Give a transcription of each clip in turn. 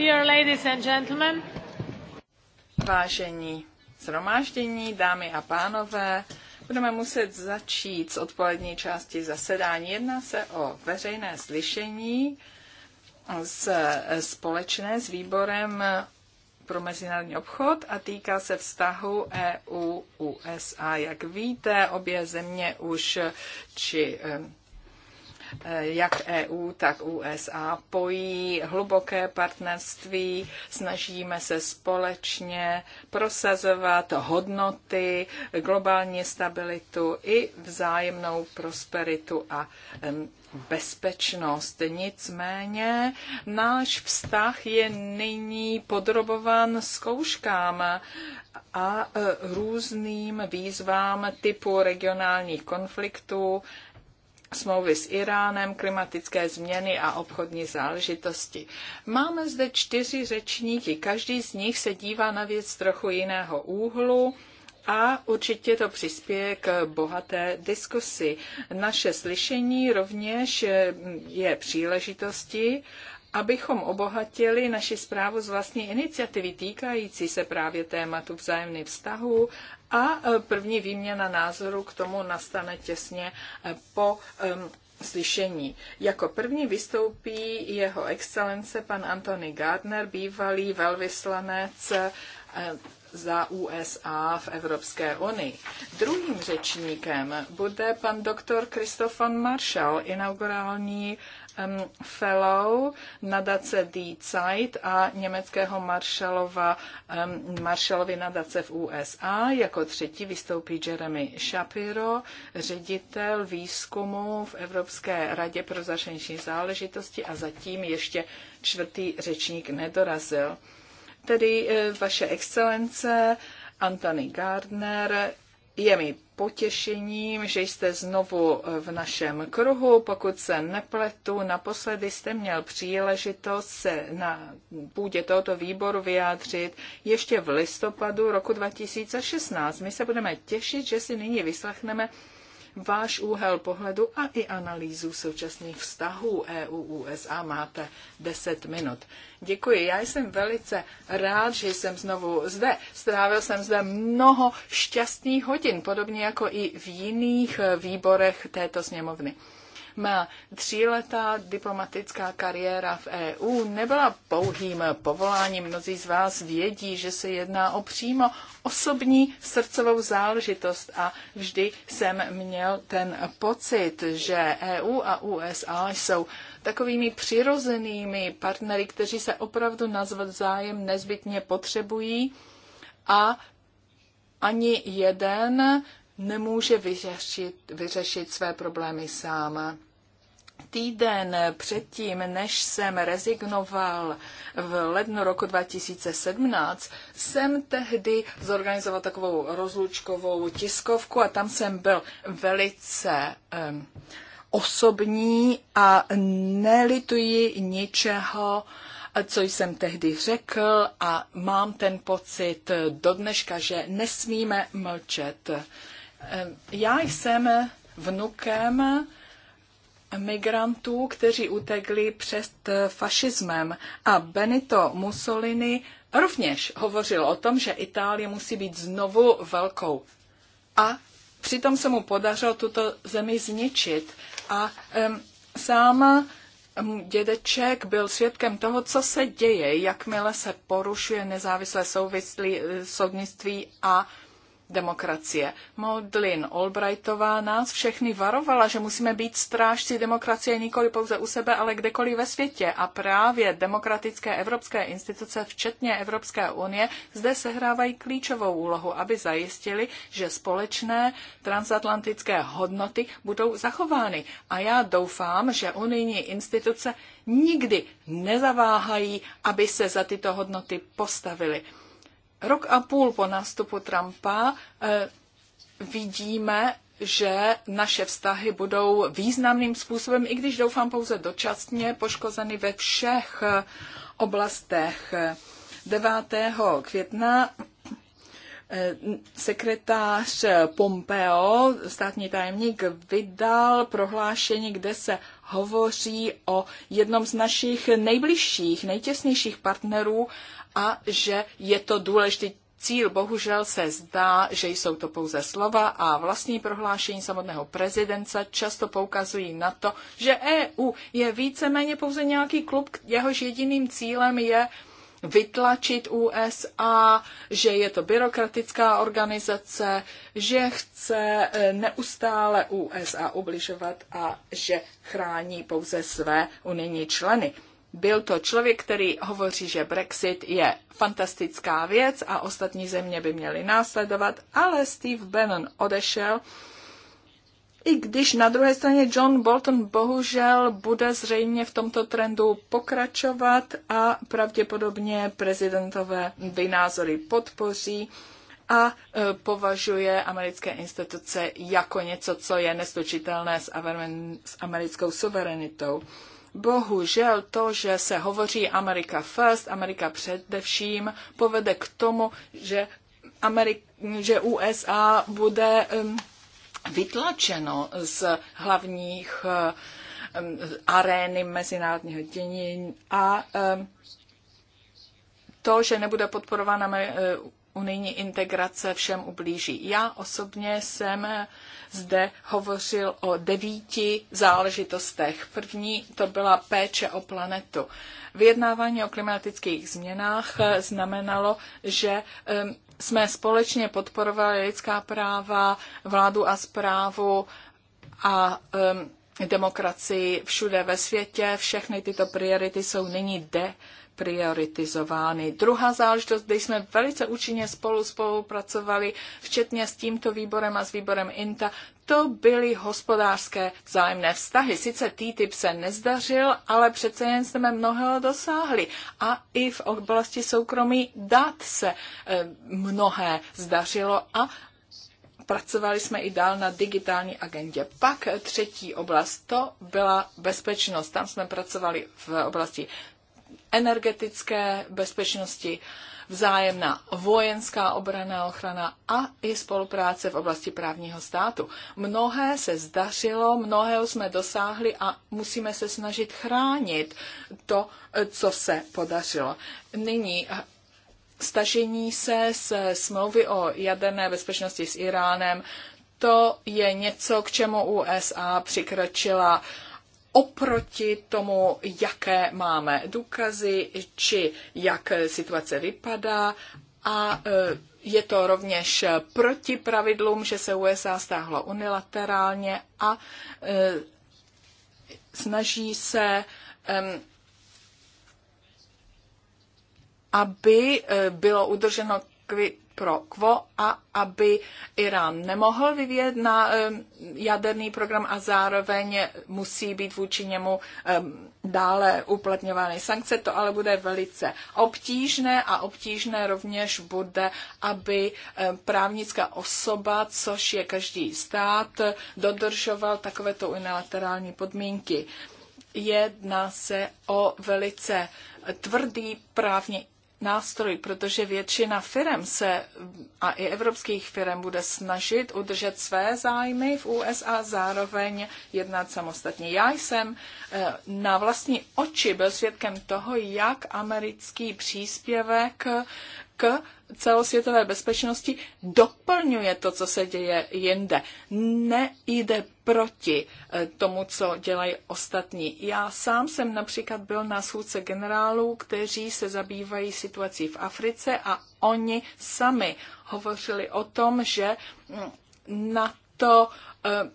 Dear ladies and gentlemen. Vážení zhromáždění, dámy a pánové, budeme muset začít z odpolední části zasedání. Jedná se o veřejné slyšení s, společné s výborem pro mezinárodní obchod a týká se vztahu EU-USA. Jak víte, obě země už či Eh, jak EU, tak USA pojí hluboké partnerství, snažíme se společně prosazovat hodnoty, globální stabilitu i vzájemnou prosperitu a bezpečnost. Nicméně náš vztah je nyní podrobován zkouškám a eh, různým výzvám typu regionálních konfliktů, smlouvy s Iránem, klimatické změny a obchodní záležitosti. Máme zde čtyři řečníky, každý z nich se dívá na věc trochu jiného úhlu a určitě to přispěje k bohaté diskusi. Naše slyšení rovněž je příležitosti, abychom obohatili naši zprávu z vlastní iniciativy týkající se právě tématu vzájemných vztahů a e, první výměna názoru k tomu nastane těsně e, po slyšení. Jako první vystoupí jeho excelence pan Anthony Gardner, bývalý velvyslanec e, za USA v Evropské unii. Druhým řečníkem bude pan doktor Christophan Marshall, inaugurální Um, fellow nadace Die Zeit a německého maršalova, um, maršalovy nadace v USA. Jako třetí vystoupí Jeremy Shapiro, ředitel výzkumu v Evropské radě pro zahraniční záležitosti a zatím ještě čtvrtý řečník nedorazil. Tedy eh, vaše excelence, Anthony Gardner, je mi potěšením, že jste znovu v našem kruhu. Pokud se nepletu, naposledy jste měl příležitost se na půdě tohoto výboru vyjádřit ještě v listopadu roku 2016. My se budeme těšit, že si nyní vyslechneme váš úhel pohledu a i analýzu současných vztahů EU-USA. Máte 10 minut. Děkuji. Já jsem velice rád, že jsem znovu zde. Strávil jsem zde mnoho šťastných hodin, podobně jako i v jiných výborech této sněmovny. Má tříletá diplomatická kariéra v EU nebyla pouhým povoláním. Mnozí z vás vědí, že se jedná o přímo osobní srdcovou záležitost a vždy jsem měl ten pocit, že EU a USA jsou takovými přirozenými partnery, kteří se opravdu nazvat zájem nezbytně potřebují a ani jeden nemůže vyřešit, vyřešit své problémy sám. Týden předtím, než jsem rezignoval v lednu roku 2017, jsem tehdy zorganizoval takovou rozlučkovou tiskovku a tam jsem byl velice um, osobní a nelituji ničeho, co jsem tehdy řekl a mám ten pocit do dneška, že nesmíme mlčet. Já jsem vnukem migrantů, kteří utekli před fašismem. A Benito Mussolini rovněž hovořil o tom, že Itálie musí být znovu velkou. A přitom se mu podařilo tuto zemi zničit. A um, sám dědeček byl svědkem toho, co se děje, jakmile se porušuje nezávislé souvislí, soudnictví a demokracie. Modlin Albrightová nás všechny varovala, že musíme být strážci demokracie nikoli pouze u sebe, ale kdekoliv ve světě. A právě demokratické evropské instituce, včetně Evropské unie, zde sehrávají klíčovou úlohu, aby zajistili, že společné transatlantické hodnoty budou zachovány. A já doufám, že unijní instituce nikdy nezaváhají, aby se za tyto hodnoty postavili Rok a půl po nástupu Trumpa eh, vidíme, že naše vztahy budou významným způsobem, i když doufám pouze dočasně, poškozeny ve všech eh, oblastech. 9. května eh, sekretář Pompeo, státní tajemník, vydal prohlášení, kde se hovoří o jednom z našich nejbližších, nejtěsnějších partnerů a že je to důležitý cíl. Bohužel se zdá, že jsou to pouze slova a vlastní prohlášení samotného prezidenta často poukazují na to, že EU je víceméně pouze nějaký klub, jehož jediným cílem je vytlačit USA, že je to byrokratická organizace, že chce e, neustále USA ubližovat a že chrání pouze své unijní členy. Byl to člověk, který hovoří, že Brexit je fantastická věc a ostatní země by měly následovat, ale Steve Bannon odešel, i když na druhé straně John Bolton bohužel bude zřejmě v tomto trendu pokračovat a pravděpodobně prezidentové vynázory podpoří a e, považuje americké instituce jako něco, co je neslučitelné s americkou suverenitou. Bohužel to, že se hovoří Amerika first, Amerika především, povede k tomu, že, Amerik, že USA bude vytlačeno z hlavních arény mezinárodního dění a to, že nebude podporována unijní integrace všem ublíží. Já osobně jsem zde hovořil o devíti záležitostech. První to byla péče o planetu. Vyjednávání o klimatických změnách eh, znamenalo, že jsme společně podporovali lidská práva, vládu a zprávu a demokracii všude ve světě. Všechny tyto priority jsou nyní de prioritizovány. Druhá záležitost, kde jsme velice účinně spolu spolupracovali, včetně s tímto výborem a s výborem INTA, to byly hospodářské vzájemné vztahy. Sice TTIP se nezdařil, ale přece jen jsme mnoho dosáhli. A i v oblasti soukromí dat se eh, mnohé zdařilo a pracovali jsme i dál na digitální agendě. Pak třetí oblast, to byla bezpečnost. Tam jsme pracovali v oblasti energetické bezpečnosti, vzájemná vojenská obrana, ochrana a i spolupráce v oblasti právního státu. Mnohé se zdařilo, mnohého jsme dosáhli a musíme se snažit chránit to, co se podařilo. Nyní eh, stažení se z smlouvy o jaderné bezpečnosti s Iránem, to je něco, k čemu USA přikročila uh, oproti tomu, jaké máme důkazy, či jak situace vypadá a e, je to rovněž proti pravidlům, že se USA stáhlo unilaterálně a e, snaží se, aby e, bylo udrženo pro kvo a aby Irán nemohl vyvíjet na jaderný program a zároveň musí být vůči němu dále uplatňovány sankce. To ale bude velice obtížné a obtížné rovněž bude, aby právnická osoba, což je každý stát, dodržoval takovéto unilaterální podmínky. Jedná se o velice tvrdý právní nástroj, protože většina firm se a i evropských firm bude snažit udržet své zájmy v USA, zároveň jednat samostatně. Já jsem eh, na vlastní oči byl svědkem toho, jak americký příspěvek k celosvětové bezpečnosti doplňuje to, co se děje jinde. Nejde proti eh, tomu, co dělají ostatní. Já sám jsem například byl na schůdce generálů, kteří se zabývají situací v Africe a oni sami hovořili o tom, že mm, na to eh,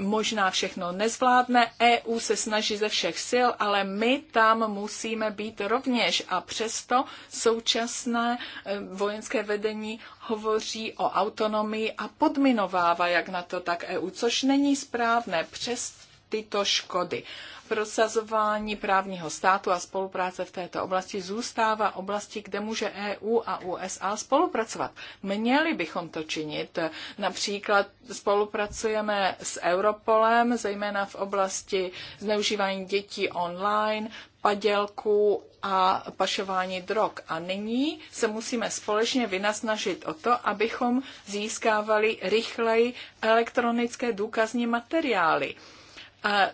možná všechno nezvládne. EU se snaží ze všech sil, ale my tam musíme být rovněž. A přesto současné e, vojenské vedení hovoří o autonomii a podminovává jak na to, tak EU, což není správné. Přesto tyto škody. Prosazování právního státu a spolupráce v této oblasti zůstává oblasti, kde může EU a USA spolupracovat. Měli bychom to činit. Například spolupracujeme s Europolem, zejména v oblasti zneužívání dětí online, padělků a pašování drog. A nyní se musíme společně vynasnažit o to, abychom získávali rychleji elektronické důkazní materiály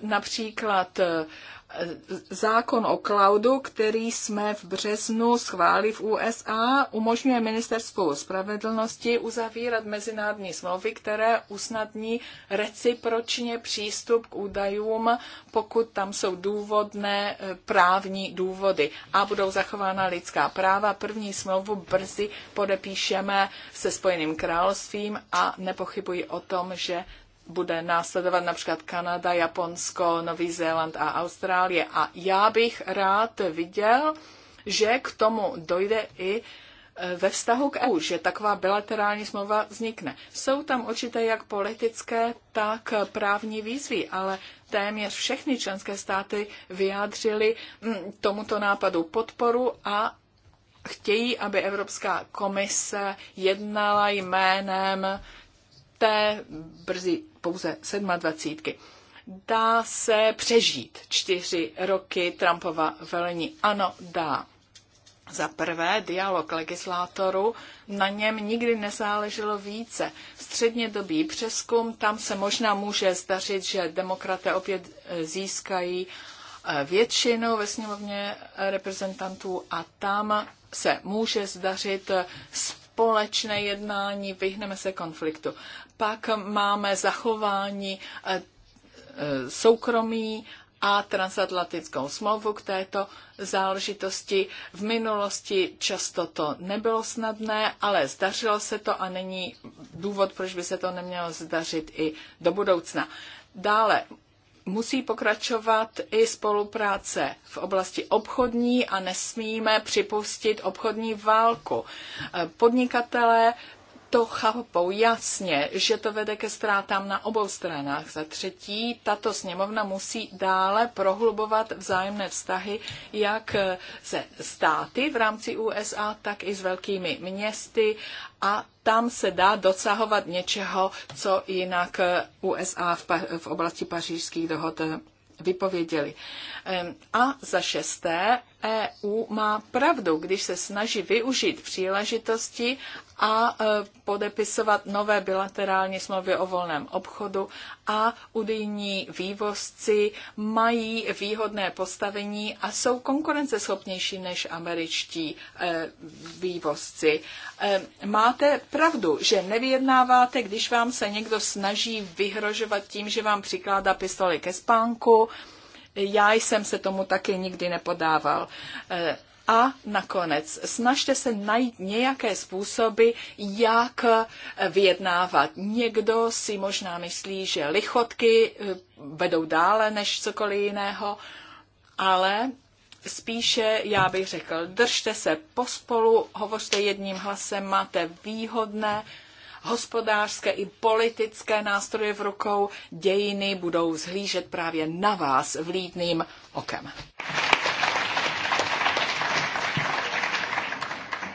Například e, zákon o cloudu, který jsme v březnu schválili v USA, umožňuje ministerstvu spravedlnosti uzavírat mezinárodní smlouvy, které usnadní recipročně přístup k údajům, pokud tam jsou důvodné e, právní důvody a budou zachována lidská práva. První smlouvu brzy podepíšeme se Spojeným královstvím a nepochybuji o tom, že bude následovat například Kanada, Japonsko, Nový Zéland a Austrálie. A já bych rád viděl, že k tomu dojde i e, ve vztahu k EU, že taková bilaterální smlouva vznikne. Jsou tam určité jak politické, tak právní výzvy, ale téměř všechny členské státy vyjádřili mm, tomuto nápadu podporu a chtějí, aby Evropská komise jednala jménem té brzy pouze 27. Dá se přežít čtyři roky Trumpova velení? Ano, dá. Za prvé, dialog legislátorů, na něm nikdy nezáleželo více. Středně dobý přeskum, tam se možná může zdařit, že demokraté opět e, získají e, většinu ve sněmovně e, reprezentantů a tam se může zdařit společné jednání, vyhneme se konfliktu. Pak máme zachování eh, eh, soukromí a transatlantickou smlouvu k této záležitosti. V minulosti často to nebylo snadné, ale zdařilo se to a není důvod, proč by se to nemělo zdařit i do budoucna. Dále musí pokračovat i spolupráce v oblasti obchodní a nesmíme připustit obchodní válku. Eh, podnikatelé to chápou jasně, že to vede ke ztrátám na obou stranách. Za třetí, tato sněmovna musí dále prohlubovat vzájemné vztahy jak se státy v rámci USA, tak i s velkými městy a tam se dá dosahovat něčeho, co jinak USA v, v oblasti pařížských dohod vypověděli. A za šesté, EU má pravdu, když se snaží využít příležitosti a e, podepisovat nové bilaterální smlouvy o volném obchodu a unijní vývozci mají výhodné postavení a jsou konkurenceschopnější než američtí e, vývozci. E, máte pravdu, že nevyjednáváte, když vám se někdo snaží vyhrožovat tím, že vám přikládá pistoli ke spánku, já jsem se tomu taky nikdy nepodával. E, a nakonec, snažte se najít nějaké způsoby, jak e, vyjednávat. Někdo si možná myslí, že lichotky e, vedou dále než cokoliv jiného, ale spíše já bych řekl, držte se pospolu, hovořte jedním hlasem, máte výhodné hospodářské i politické nástroje v rukou, dějiny budou zhlížet právě na vás vlídným okem.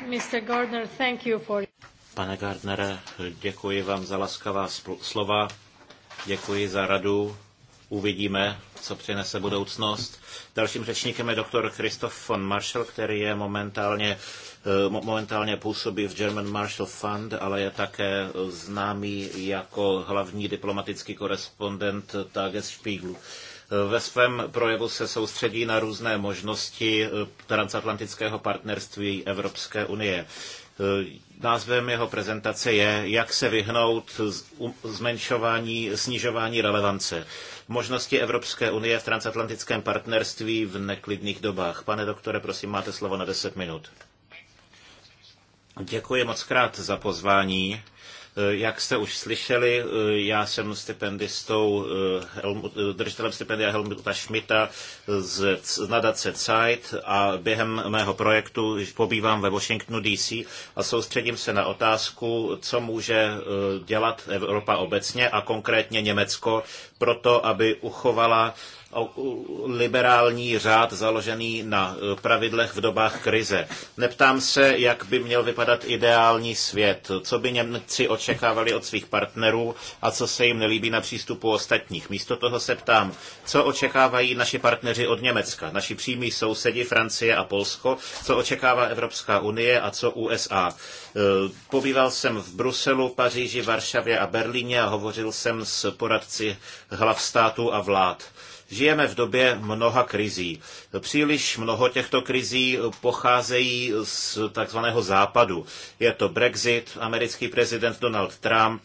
Mr. Gardner, thank you for... Pane Gardnere, děkuji vám za laskavá slova, děkuji za radu Uvidíme, co přinese budoucnost. Dalším řečníkem je doktor Christoph von Marshall, který je momentálně, eh, momentálně působí v German Marshall Fund, ale je také známý jako hlavní diplomatický korespondent Tagesspiegelu. Eh, ve svém projevu se soustředí na různé možnosti eh, transatlantického partnerství Evropské unie. Názvem jeho prezentace je Jak se vyhnout zmenšování, snižování relevance možnosti Evropské unie v transatlantickém partnerství v neklidných dobách. Pane doktore, prosím, máte slovo na 10 minut. Děkuji moc krát za pozvání. Eh, jak jste už slyšeli, eh, já jsem stipendistou, eh, držitelem stipendia Helmuta Schmidta z nadace Zeit a během mého projektu pobývám ve Washingtonu DC a soustředím se na otázku, co může dělat Evropa obecně a konkrétně Německo proto, aby uchovala liberální řád založený na e, pravidlech v dobách krize. Neptám se, jak by měl vypadat ideální svět, co by Němci očekávali od svých partnerů a co se jim nelíbí na přístupu ostatních. Místo toho se ptám, co očekávají naši partneři od Německa, naši přímí sousedi Francie a Polsko, co očekává Evropská unie a co USA. E, pobýval jsem v Bruselu, Paříži, Varšavě a Berlíně a hovořil jsem s poradci hlav států a vlád. Žijeme v době mnoha krizí. Příliš mnoho těchto krizí pocházejí z takzvaného západu. Je to Brexit, americký prezident Donald Trump,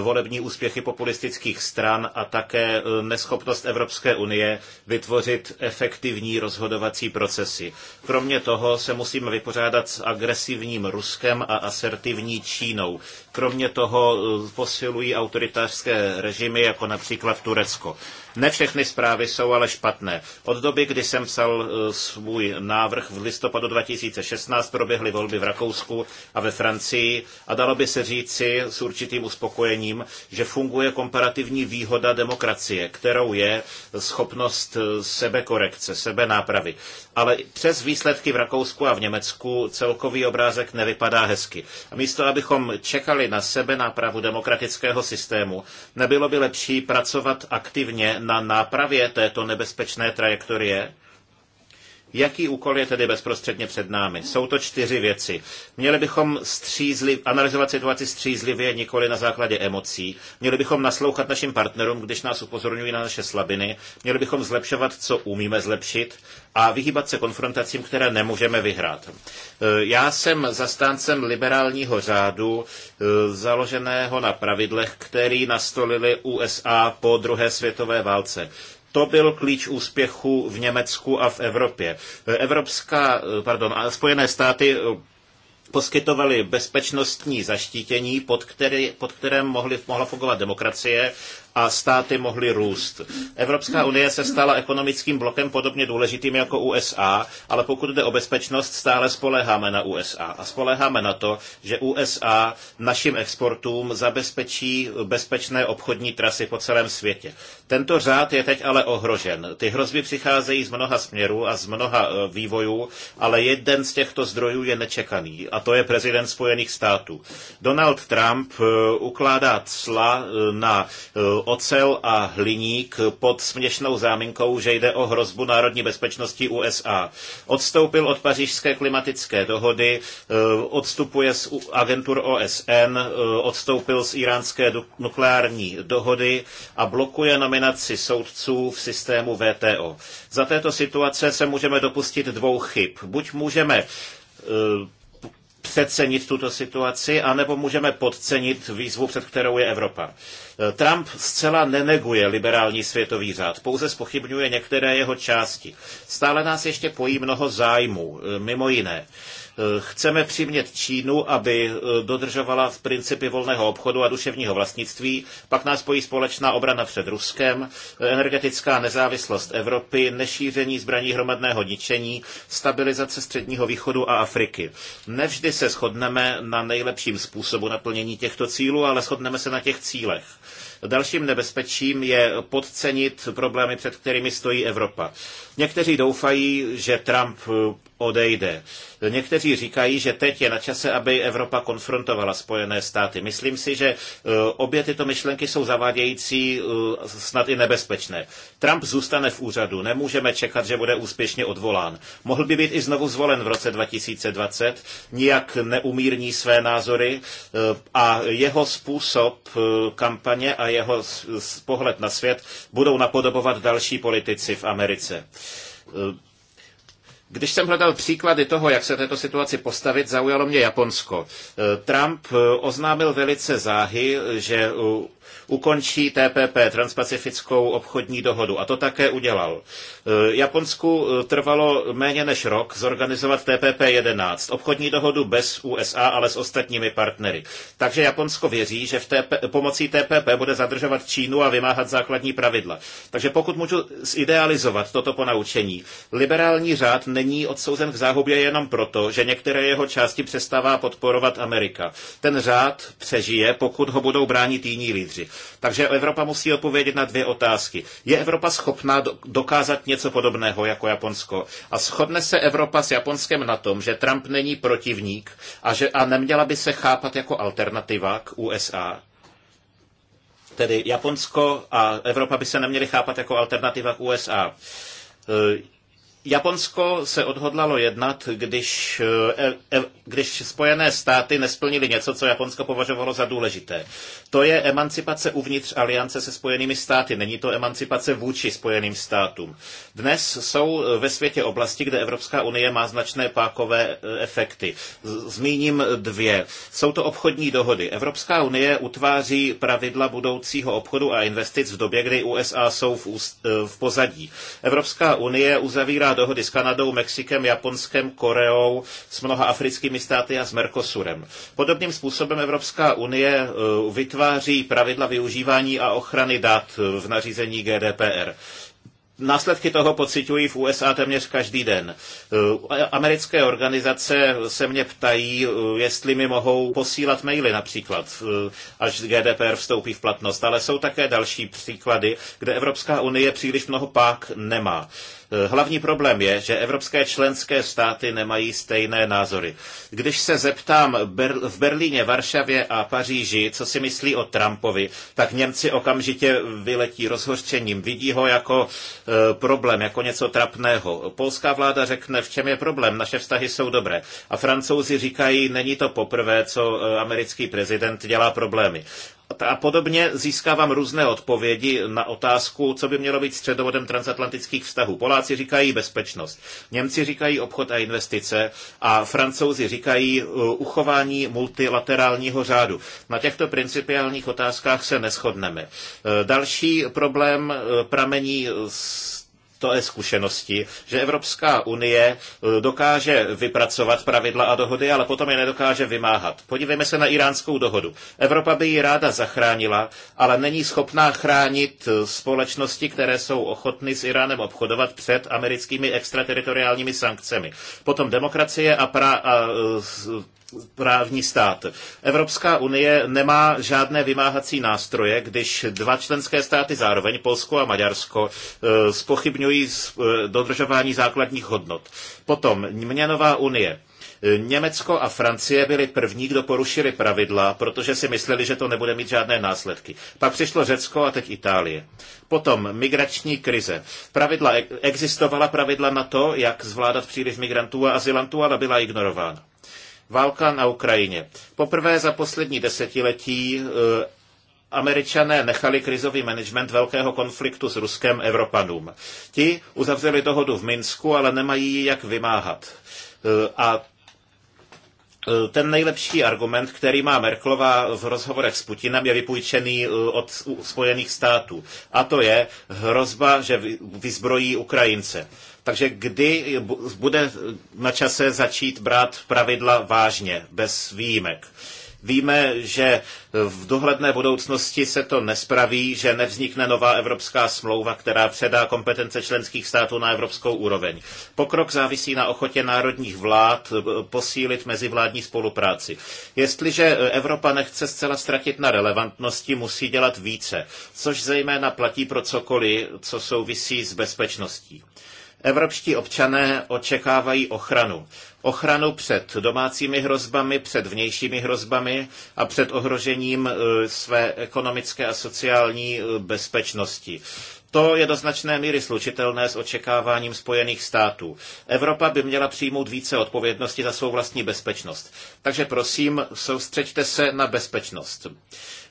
volební úspěchy populistických stran a také neschopnost Evropské unie vytvořit efektivní rozhodovací procesy. Kromě toho se musíme vypořádat s agresivním Ruskem a asertivní Čínou. Kromě toho eh, posilují autoritářské režimy, jako například Turecko. Ne všechny zprávy jsou ale špatné. Od doby, kdy jsem psal eh, svůj návrh v listopadu 2016, proběhly volby v Rakousku a ve Francii a dalo by se říci s určitým uspokojením, že funguje komparativní výhoda demokracie, kterou je schopnost eh, sebekorekce, sebenápravy. Ale přes výsledky v Rakousku a v Německu celkový obrázek nevypadá hezky. A místo, abychom čekali na sebenápravu demokratického systému, nebylo by lepší pracovat aktivně na nápravě této nebezpečné trajektorie? Jaký úkol je tedy bezprostředně před námi? Jsou to čtyři věci. Měli bychom střízli, analyzovat situaci střízlivě, nikoli na základě emocí. Měli bychom naslouchat našim partnerům, když nás upozorňují na naše slabiny. Měli bychom zlepšovat, co umíme zlepšit a vyhýbat se konfrontacím, které nemůžeme vyhrát. Eh, já jsem zastáncem liberálního řádu, eh, založeného na pravidlech, který nastolili USA po druhé světové válce to byl klíč úspěchu v Německu a v Evropě. Evropská, pardon, Spojené státy eh, poskytovali bezpečnostní zaštítění, pod, který, pod kterém mohli, mohla fungovat demokracie a státy mohly růst. Evropská unie se stala ekonomickým blokem podobně důležitým jako USA, ale pokud jde o bezpečnost, stále spoleháme na USA. A spoleháme na to, že USA našim exportům zabezpečí bezpečné obchodní trasy po celém světě. Tento řád je teď ale ohrožen. Ty hrozby přicházejí z mnoha směrů a z mnoha e, vývojů, ale jeden z těchto zdrojů je nečekaný a to je prezident Spojených států. Donald Trump e, ukládá cla e, na ocel a hliník pod směšnou záminkou, že jde o hrozbu národní bezpečnosti USA. Odstoupil od pařížské klimatické dohody, eh, odstupuje z agentur OSN, eh, odstoupil z iránské nukleární dohody a blokuje nominaci soudců v systému VTO. Za této situace se můžeme dopustit dvou chyb. Buď můžeme eh, přecenit tuto situaci, anebo můžeme podcenit výzvu, před kterou je Evropa. E, Trump zcela neneguje liberální světový řád, pouze spochybňuje některé jeho části. Stále nás ještě pojí mnoho zájmů, e, mimo jiné Chceme přimět Čínu, aby eh, dodržovala v principy volného obchodu a duševního vlastnictví, pak nás pojí společná obrana před Ruskem, eh, energetická nezávislost Evropy, nešíření zbraní hromadného ničení, stabilizace Středního východu a Afriky. Nevždy se shodneme na nejlepším způsobu naplnění těchto cílů, ale shodneme se na těch cílech. Dalším nebezpečím je podcenit problémy, před kterými stojí Evropa. Někteří doufají, že Trump eh, odejde. Někteří říkají, že teď je na čase, aby Evropa konfrontovala Spojené státy. Myslím si, že e, obě tyto myšlenky jsou zavádějící, e, snad i nebezpečné. Trump zůstane v úřadu, nemůžeme čekat, že bude úspěšně odvolán. Mohl by být i znovu zvolen v roce 2020, nijak neumírní své názory e, a jeho způsob kampaně a jeho pohled na svět budou napodobovat další politici v Americe. Když jsem hledal příklady toho, jak se této situaci postavit, zaujalo mě Japonsko. E, Trump e, oznámil velice záhy, že ukončí TPP, Transpacifickou obchodní dohodu. A to také udělal. E, Japonsku e, trvalo méně než rok zorganizovat TPP-11, obchodní dohodu bez USA, ale s ostatními partnery. Takže Japonsko věří, že v TP, pomocí TPP bude zadržovat Čínu a vymáhat základní pravidla. Takže pokud můžu zidealizovat toto ponaučení, liberální řád není odsouzen k záhubě jenom proto, že některé jeho části přestává podporovat Amerika. Ten řád přežije, pokud ho budou bránit jiní lídři pilíři. Takže Evropa musí odpovědět na dvě otázky. Je Evropa schopná dokázat něco podobného jako Japonsko? A shodne se Evropa s Japonskem na tom, že Trump není protivník a, že, a neměla by se chápat jako alternativa k USA? Tedy Japonsko a Evropa by se neměly chápat jako alternativa k USA. Japonsko se odhodlalo jednat, když, eh, eh, když Spojené státy nesplnili něco, co Japonsko považovalo za důležité. To je emancipace uvnitř aliance se Spojenými státy, není to emancipace vůči Spojeným státům. Dnes jsou ve světě oblasti, kde Evropská unie má značné pákové eh, efekty. Zmíním dvě. Jsou to obchodní dohody. Evropská unie utváří pravidla budoucího obchodu a investic v době, kdy USA jsou v, v pozadí. Evropská unie uzavírá dohody s Kanadou, Mexikem, Japonskem, Koreou, s mnoha africkými státy a s Mercosurem. Podobným způsobem Evropská unie e, vytváří pravidla využívání a ochrany dat e, v nařízení GDPR. Následky toho pocitují v USA téměř každý den. E, americké organizace se mě ptají, jestli mi mohou posílat maily například, až GDPR vstoupí v platnost. Ale jsou také další příklady, kde Evropská unie příliš mnoho pák nemá. Eh, hlavní problém je, že evropské členské státy nemají stejné názory. Když se zeptám v Berlíně, Varšavě a Paříži, co si myslí o Trumpovi, tak Němci okamžitě vyletí rozhořčením. Vidí ho jako eh, problém, jako něco trapného. Polská vláda řekne, v čem je problém, naše vztahy jsou dobré. A francouzi říkají, není to poprvé, co eh, americký prezident dělá problémy a podobně získávám různé odpovědi na otázku, co by mělo být středovodem transatlantických vztahů. Poláci říkají bezpečnost, Němci říkají obchod a investice a Francouzi říkají uh, uchování multilaterálního řádu. Na těchto principiálních otázkách se neschodneme. Uh, další problém uh, pramení z to je zkušenosti, že Evropská unie eh, dokáže vypracovat pravidla a dohody, ale potom je nedokáže vymáhat. Podívejme se na iránskou dohodu. Evropa by ji ráda zachránila, ale není schopná chránit eh, společnosti, které jsou ochotny s Iránem obchodovat před americkými extrateritoriálními sankcemi. Potom demokracie a, pra- a eh, právní stát. Evropská unie nemá žádné vymáhací nástroje, když dva členské státy zároveň, Polsko a Maďarsko, eh, spochybňují eh, dodržování základních hodnot. Potom měnová unie. Německo a Francie byli první, kdo porušili pravidla, protože si mysleli, že to nebude mít žádné následky. Pak přišlo Řecko a teď Itálie. Potom migrační krize. Pravidla, e- existovala pravidla na to, jak zvládat příliv migrantů a azylantů, ale byla ignorována. Válka na Ukrajině. Poprvé za poslední desetiletí eh, Američané nechali krizový management velkého konfliktu s Ruskem Evropanům. Ti uzavřeli dohodu v Minsku, ale nemají jak vymáhat. Eh, a eh, ten nejlepší argument, který má Merklová v rozhovorech s Putinem, je vypůjčený od Spojených států. A to je hrozba, že vyzbrojí Ukrajince. Takže kdy bude na čase začít brát pravidla vážně, bez výjimek? Víme, že v dohledné budoucnosti se to nespraví, že nevznikne nová evropská smlouva, která předá kompetence členských států na evropskou úroveň. Pokrok závisí na ochotě národních vlád eh, posílit mezivládní spolupráci. Jestliže Evropa nechce zcela ztratit na relevantnosti, musí dělat více, což zejména platí pro cokoliv, co souvisí s bezpečností. Evropští občané očekávají ochranu. Ochranu před domácími hrozbami, před vnějšími hrozbami a před ohrožením e, své ekonomické a sociální e, bezpečnosti. To je do značné míry slučitelné s očekáváním Spojených států. Evropa by měla přijmout více odpovědnosti za svou vlastní bezpečnost. Takže prosím, soustřeďte se na bezpečnost.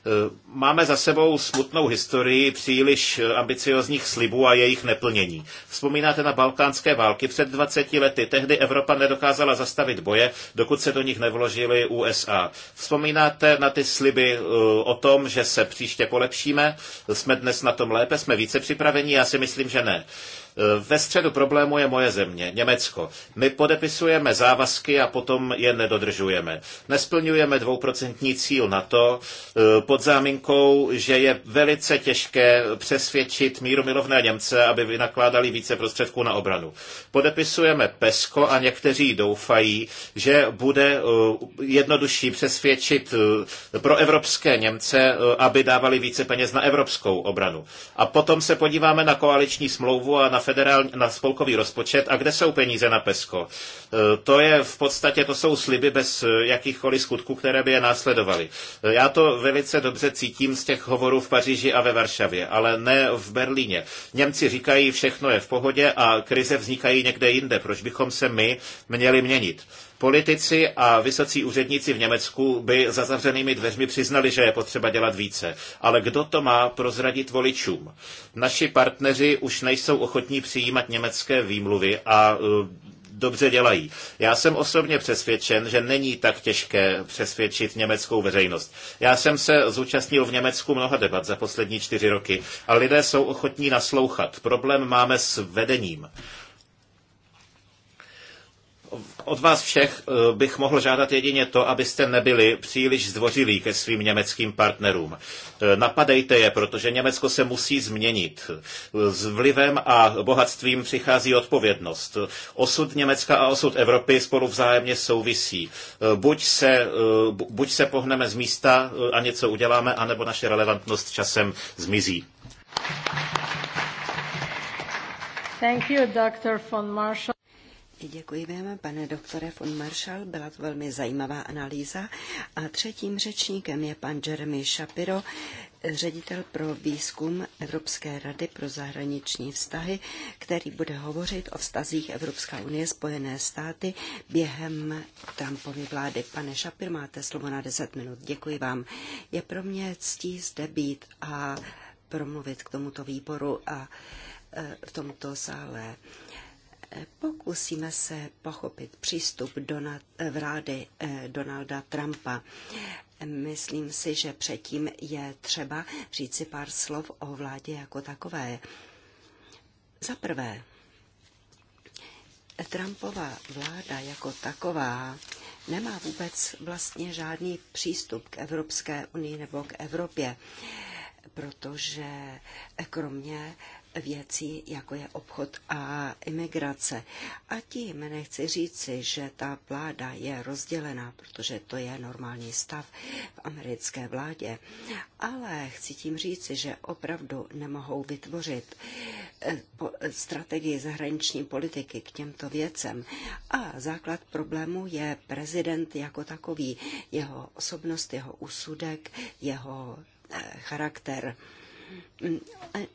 Eh, máme za sebou smutnou historii příliš eh, ambiciozních slibů a jejich neplnění. Vzpomínáte na balkánské války před 20 lety. Tehdy Evropa nedokázala zastavit boje, dokud se do nich nevložili USA. Vzpomínáte na ty sliby eh, o tom, že se příště polepšíme? Jsme dnes na tom lépe? Jsme více připraveni? Já si myslím, že ne. Eh, ve středu problému je moje země, Německo. My podepisujeme závazky a potom je nedodržujeme. Nesplňujeme dvouprocentní cíl na to eh, pod záminkou, že je velice těžké přesvědčit mírumilovné Němce, aby vynakládali více prostředků na obranu. Podepisujeme PESCO a někteří doufají, že bude eh, jednodušší přesvědčit pro evropské Němce, aby dávali více peněz na evropskou obranu. A potom se podíváme na koaliční smlouvu a na federální, na spolkový rozpočet a kde jsou peníze na PESCO. E, to je v podstatě, to jsou sliby bez jakýchkoliv skutků, které by je následovaly. E, já to velice dobře cítím z těch hovorů v Paříži a ve Varšavě, ale ne v Berlíně. Němci říkají, všechno je v pohodě a krize vznikají někde jinde. Proč bychom se my měli měnit? Politici a vysocí úředníci v Německu by za zavřenými dveřmi přiznali, že je potřeba dělat více. Ale kdo to má prozradit voličům? Naši partneři už nejsou ochotní přijímat německé výmluvy a e, dobře dělají. Já jsem osobně přesvědčen, že není tak těžké přesvědčit německou veřejnost. Já jsem se zúčastnil v Německu mnoha debat za poslední čtyři roky a lidé jsou ochotní naslouchat. Problém máme s vedením od vás všech eh, bych mohl žádat jedině to, abyste nebyli příliš zdvořilí ke svým německým partnerům. Eh, napadejte je, protože Německo se musí změnit. S vlivem a bohatstvím přichází odpovědnost. Osud Německa a osud Evropy spolu vzájemně souvisí. Eh, buď se, buď se pohneme z místa a něco uděláme, anebo naše relevantnost časem zmizí. Thank you, Dr. von Marshall. Děkuji vám, pane doktore von Marshall. Byla to velmi zajímavá analýza. A třetím řečníkem je pan Jeremy Shapiro, ředitel pro výzkum Evropské rady pro zahraniční vztahy, který bude hovořit o vztazích Evropská unie Spojené státy během Trumpovy vlády. Pane Shapiro, máte slovo na 10 minut. Děkuji vám. Je pro mě ctí zde být a promluvit k tomuto výboru a e, v tomto sále. Pokusíme se pochopit přístup Donat, eh, vlády eh, Donalda Trumpa. Myslím si, že předtím je třeba říci pár slov o vládě jako takové. Za prvé, Trumpova vláda jako taková nemá vůbec vlastně žádný přístup k Evropské unii nebo k Evropě, protože kromě věcí, jako je obchod a imigrace. A tím nechci říci, že ta vláda je rozdělená, protože to je normální stav v americké vládě, ale chci tím říci, že opravdu nemohou vytvořit eh, strategii zahraniční politiky k těmto věcem. A základ problému je prezident jako takový, jeho osobnost, jeho úsudek, jeho eh, charakter ne,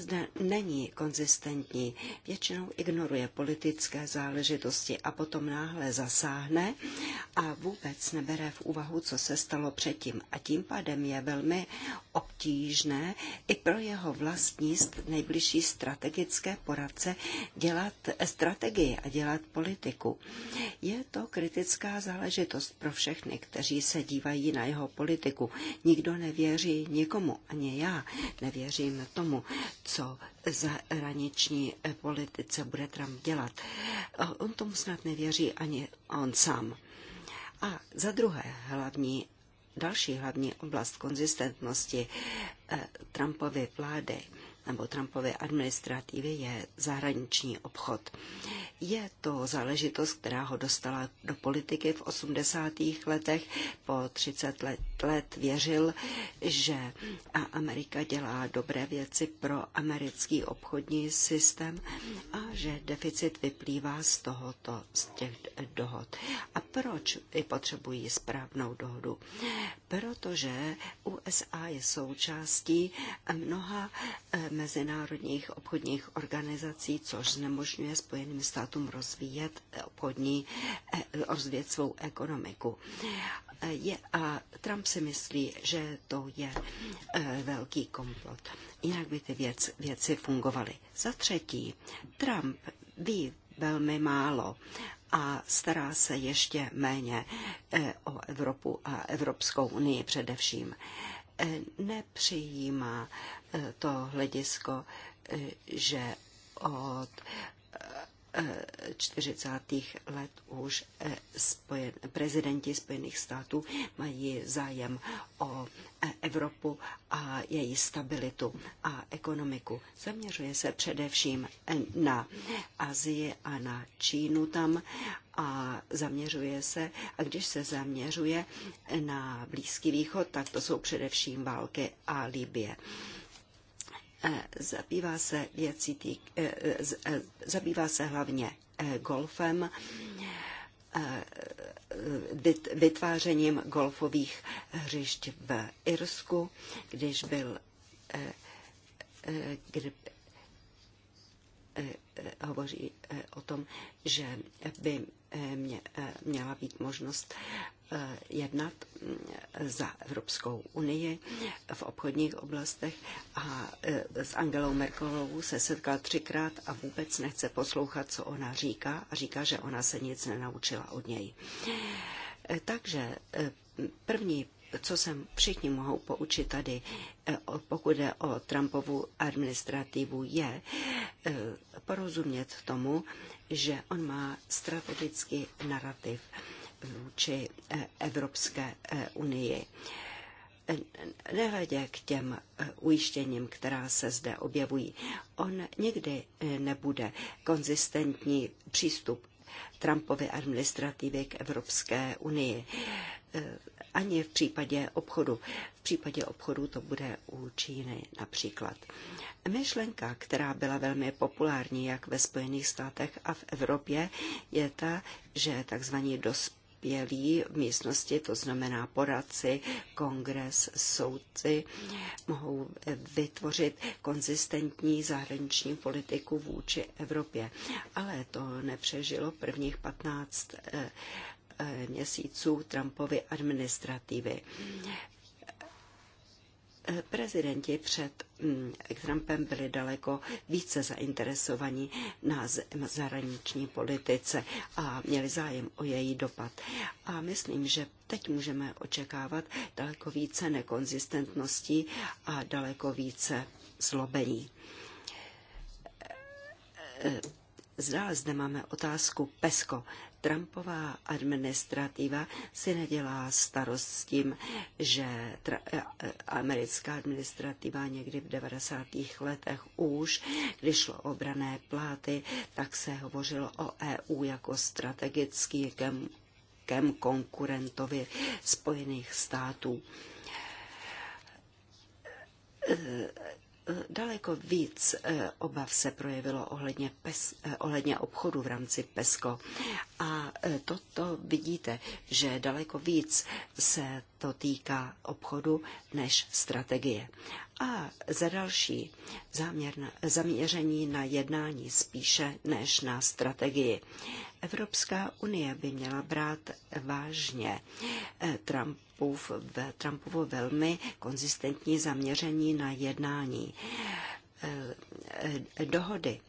zde není konzistentní, většinou ignoruje politické záležitosti a potom náhle zasáhne a vůbec nebere v úvahu, co se stalo předtím. A tím pádem je velmi obtížné i pro jeho vlastní nejbližší strategické poradce dělat strategii a dělat politiku. Je to kritická záležitost pro všechny, kteří se dívají na jeho politiku. Nikdo nevěří nikomu, ani já nevěřím věřím tomu, co zahraniční politice bude Trump dělat. On tomu snad nevěří ani on sám. A za druhé, hlavní další hlavní oblast konzistentnosti eh, Trumpovy vlády nebo Trumpovy administrativy je zahraniční obchod. Je to záležitost, která ho dostala do politiky v 80. letech. Po 30 let, let věřil, že Amerika dělá dobré věci pro americký obchodní systém a že deficit vyplývá z, tohoto, z těch dohod. A proč potřebují správnou dohodu? Protože USA je součástí mnoha eh, mezinárodních obchodních organizací, což znemožňuje Spojeným státům rozvíjet obchodní, eh, rozvíjet svou ekonomiku je, a Trump si myslí, že to je e, velký komplot. Jinak by ty věc, věci fungovaly. Za třetí, Trump ví velmi málo a stará se ještě méně e, o Evropu a Evropskou unii především. E, nepřijímá to hledisko, že od 40. let už eh, spojen, prezidenti Spojených států mají zájem o eh, Evropu a její stabilitu a ekonomiku. Zaměřuje se především eh, na Azii a na Čínu tam a zaměřuje se, a když se zaměřuje na Blízký východ, tak to jsou především války a Libie zabývá se, věcí týk, e, e, e, zabývá se hlavně golfem, vytvářením golfových hřišť v Irsku, když byl kdy, hovoří o tom, že by mě, měla být možnost Eh, jednat mm, za Evropskou unii v obchodních oblastech a eh, s Angelou Merkelovou se setkal třikrát a vůbec nechce poslouchat, co ona říká a říká, že ona se nic nenaučila od něj. Eh, takže první co se všichni mohou poučit tady, pokud jde o Trumpovu administrativu, je porozumět tomu, že on má strategický narrativ vůči eh, Evropské eh, unii. Nehledě k těm eh, ujištěním, která se zde objevují. On nikdy nebude konzistentní přístup Trumpovy administrativy k Evropské unii. Ani v případě obchodu. V případě obchodu to bude u Číny například. Myšlenka, která byla velmi populární jak ve Spojených státech a v Evropě, je ta, že tzv. dospělí dospělí v místnosti, to znamená poradci, kongres, soudci, mohou vytvořit konzistentní zahraniční politiku vůči Evropě. Ale to nepřežilo prvních 15 eh, eh, měsíců Trumpovy administrativy prezidenti před mm, Trumpem byli daleko více zainteresovaní na zahraniční politice a měli zájem o její dopad. A myslím, že teď můžeme očekávat daleko více nekonzistentností a daleko více zlobení. E, e, Zdále zde máme otázku Pesko. Trumpová administrativa si nedělá starost s tím, že eh, eh, americká administrativa někdy v 90. letech už, když šlo o obrané pláty, tak se hovořilo o EU jako strategickém konkurentovi Spojených států eh, daleko víc eh, obav se projevilo ohledně, pes, eh, ohledně obchodu v rámci PESCO. A eh, toto vidíte, že daleko víc se to týká obchodu než strategie. A za další záměr na, zaměření na jednání spíše než na strategii. Evropská unie by měla brát vážně eh, Trumpův, Trumpovo velmi konzistentní zaměření na jednání eh, eh, dohody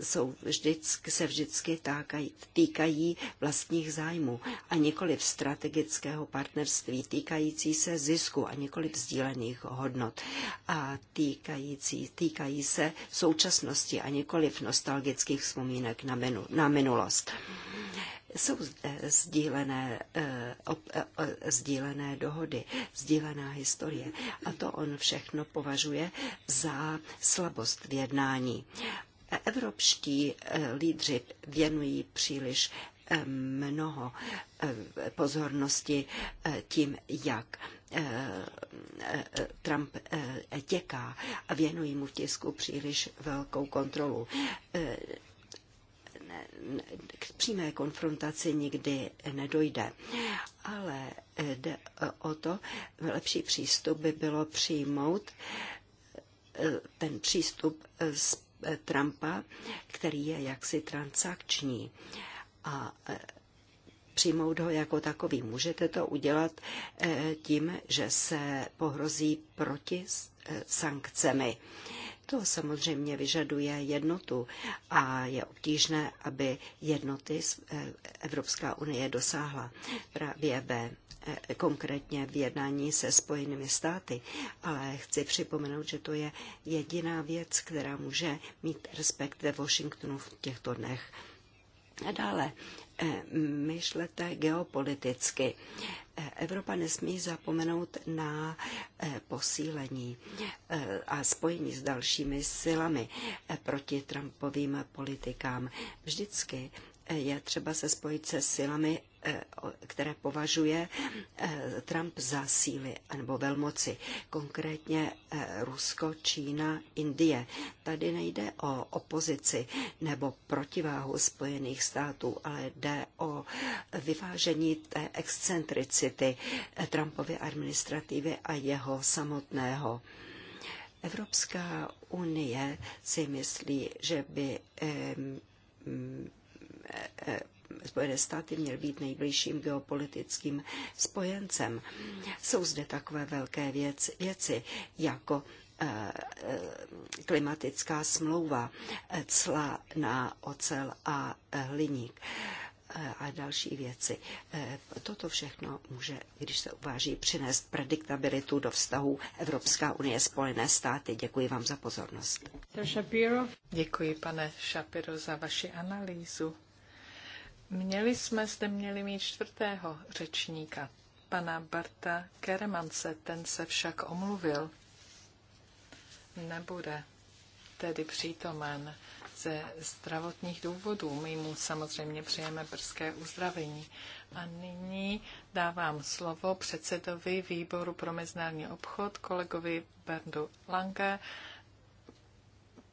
jsou vždycky, se vždycky týkají, týkají vlastních zájmů a nikoli v strategického partnerství, týkající se zisku a nikoli sdílených hodnot a týkající, týkají se současnosti a nikoli v nostalgických vzpomínek na, minu, na minulost. Jsou zde sdílené, eh, eh, eh, sdílené dohody, sdílená historie a to on všechno považuje za slabost v jednání. Evropští eh, lídři věnují příliš eh, mnoho eh, pozornosti tím, jak Trump těká a věnují mu v tisku příliš velkou kontrolu. K přímé konfrontaci nikdy nedojde, ale jde o to, lepší přístup by bylo přijmout ten přístup z Trumpa, který je jaksi transakční. A e, přijmout ho jako takový. Můžete to udělat e, tím, že se pohrozí proti e, sankcemi. To samozřejmě vyžaduje jednotu a je obtížné, aby jednoty eh, Evropská unie dosáhla právě ve eh, konkrétně v jednání se Spojenými státy, ale chci připomenout, že to je jediná věc, která může mít respekt ve Washingtonu v těchto dnech. A dále Eh, myšlete geopoliticky. Eh, Evropa nesmí zapomenout na eh, posílení a spojení s dalšími silami proti Trumpovým politikám. Vždycky je třeba se spojit se silami Eh, které považuje eh, Trump za síly nebo velmoci, konkrétně eh, Rusko, Čína, Indie. Tady nejde o opozici nebo protiváhu Spojených států, ale jde o vyvážení té excentricity Trumpovy administrativy a jeho samotného. Evropská unie si myslí, že by Spojené státy měl být nejbližším geopolitickým spojencem. Jsou zde takové velké věc, věci, jako eh, eh, klimatická smlouva, eh, cla na ocel a hliník a další věci. Toto všechno může, když se uváží, přinést prediktabilitu do vztahu Evropská unie Spojené státy. Děkuji vám za pozornost. Děkuji, pane Shapiro, za vaši analýzu. Měli jsme zde měli mít čtvrtého řečníka, pana Barta Keremance, ten se však omluvil. Nebude tedy přítomen ze zdravotních důvodů. My mu samozřejmě přejeme brzké uzdravení. A nyní dávám slovo předsedovi výboru pro mezinárodní obchod, kolegovi Berndu Lange,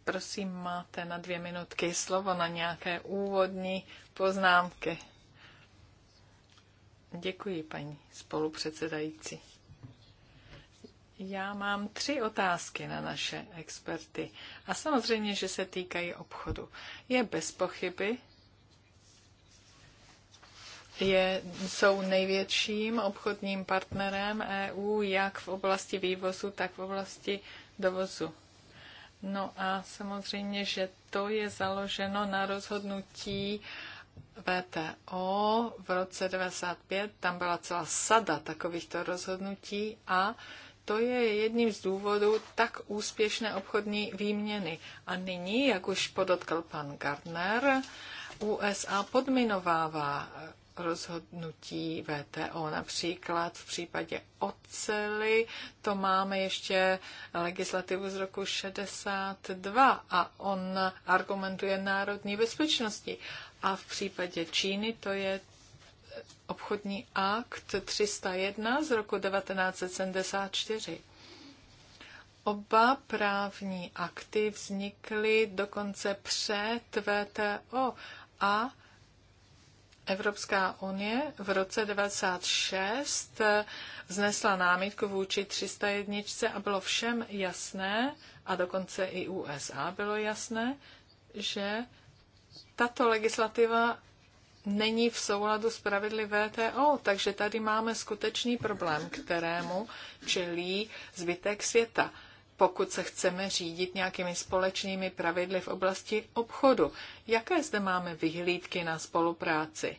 Prosím, máte na dvě minutky slovo na nějaké úvodní poznámky. Děkuji, paní spolupředsedající. Já mám tři otázky na naše experty a samozřejmě, že se týkají obchodu. Je bez pochyby, je, jsou největším obchodním partnerem EU jak v oblasti vývozu, tak v oblasti dovozu. No a samozřejmě, že to je založeno na rozhodnutí VTO v roce 95. Tam byla celá sada takovýchto rozhodnutí a to je jedním z důvodů tak úspěšné obchodní výměny. A nyní, jak už podotkl pan Gardner, USA podminovává rozhodnutí VTO. Například v případě ocely to máme ještě legislativu z roku 62 a on argumentuje národní bezpečnosti. A v případě Číny to je obchodní akt 301 z roku 1974. Oba právní akty vznikly dokonce před VTO a Evropská unie v roce 1996 eh, vznesla námitku vůči 301 a bylo všem jasné, a dokonce i USA bylo jasné, že tato legislativa není v souladu s pravidly VTO, takže tady máme skutečný problém, kterému čelí zbytek světa pokud se chceme řídit nějakými společnými pravidly v oblasti obchodu. Jaké zde máme vyhlídky na spolupráci?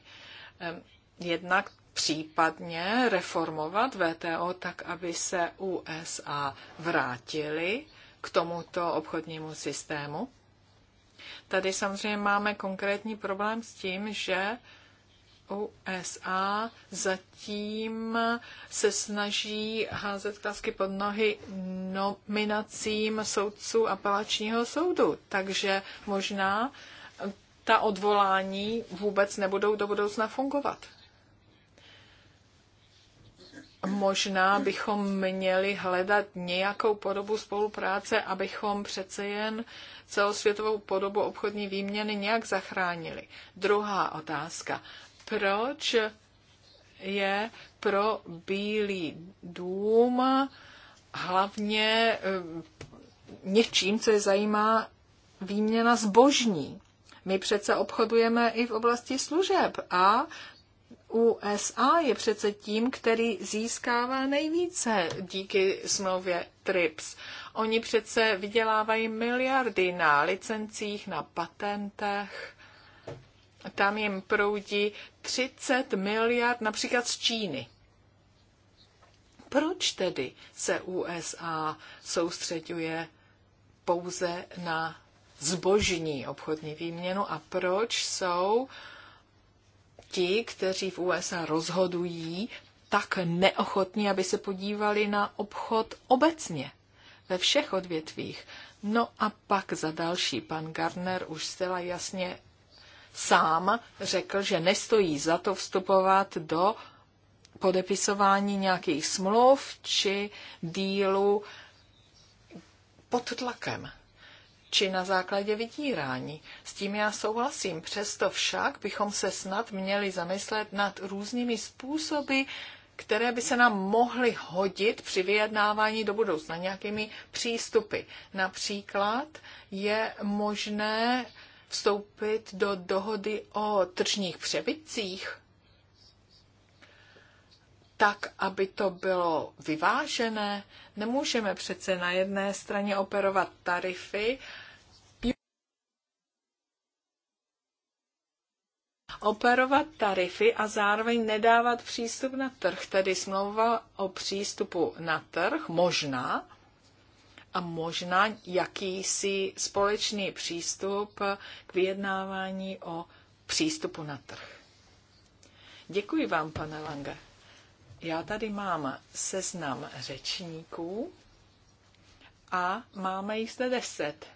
Ehm, jednak případně reformovat VTO tak, aby se USA vrátili k tomuto obchodnímu systému. Tady samozřejmě máme konkrétní problém s tím, že USA zatím se snaží házet klasky pod nohy nominacím soudců apelačního soudu, takže možná ta odvolání vůbec nebudou do budoucna fungovat. Možná bychom měli hledat nějakou podobu spolupráce, abychom přece jen celosvětovou podobu obchodní výměny nějak zachránili. Druhá otázka proč je pro Bílý dům hlavně eh, něčím, co je zajímá výměna zbožní. My přece obchodujeme i v oblasti služeb a USA je přece tím, který získává nejvíce díky smlouvě TRIPS. Oni přece vydělávají miliardy na licencích, na patentech. Tam jim proudí 30 miliard například z Číny. Proč tedy se USA soustředuje pouze na zbožní obchodní výměnu a proč jsou ti, kteří v USA rozhodují, tak neochotní, aby se podívali na obchod obecně ve všech odvětvích. No a pak za další pan Gardner už zcela jasně sám řekl, že nestojí za to vstupovat do podepisování nějakých smluv či dílů pod tlakem či na základě vydírání. S tím já souhlasím. Přesto však bychom se snad měli zamyslet nad různými způsoby, které by se nám mohly hodit při vyjednávání do budoucna nějakými přístupy. Například je možné vstoupit do dohody o tržních přebytcích, tak, aby to bylo vyvážené, nemůžeme přece na jedné straně operovat tarify, operovat tarify a zároveň nedávat přístup na trh. Tedy smlouva o přístupu na trh možná a možná jakýsi společný přístup k vyjednávání o přístupu na trh. Děkuji vám, pane Lange. Já tady mám seznam řečníků a máme jich zde deset.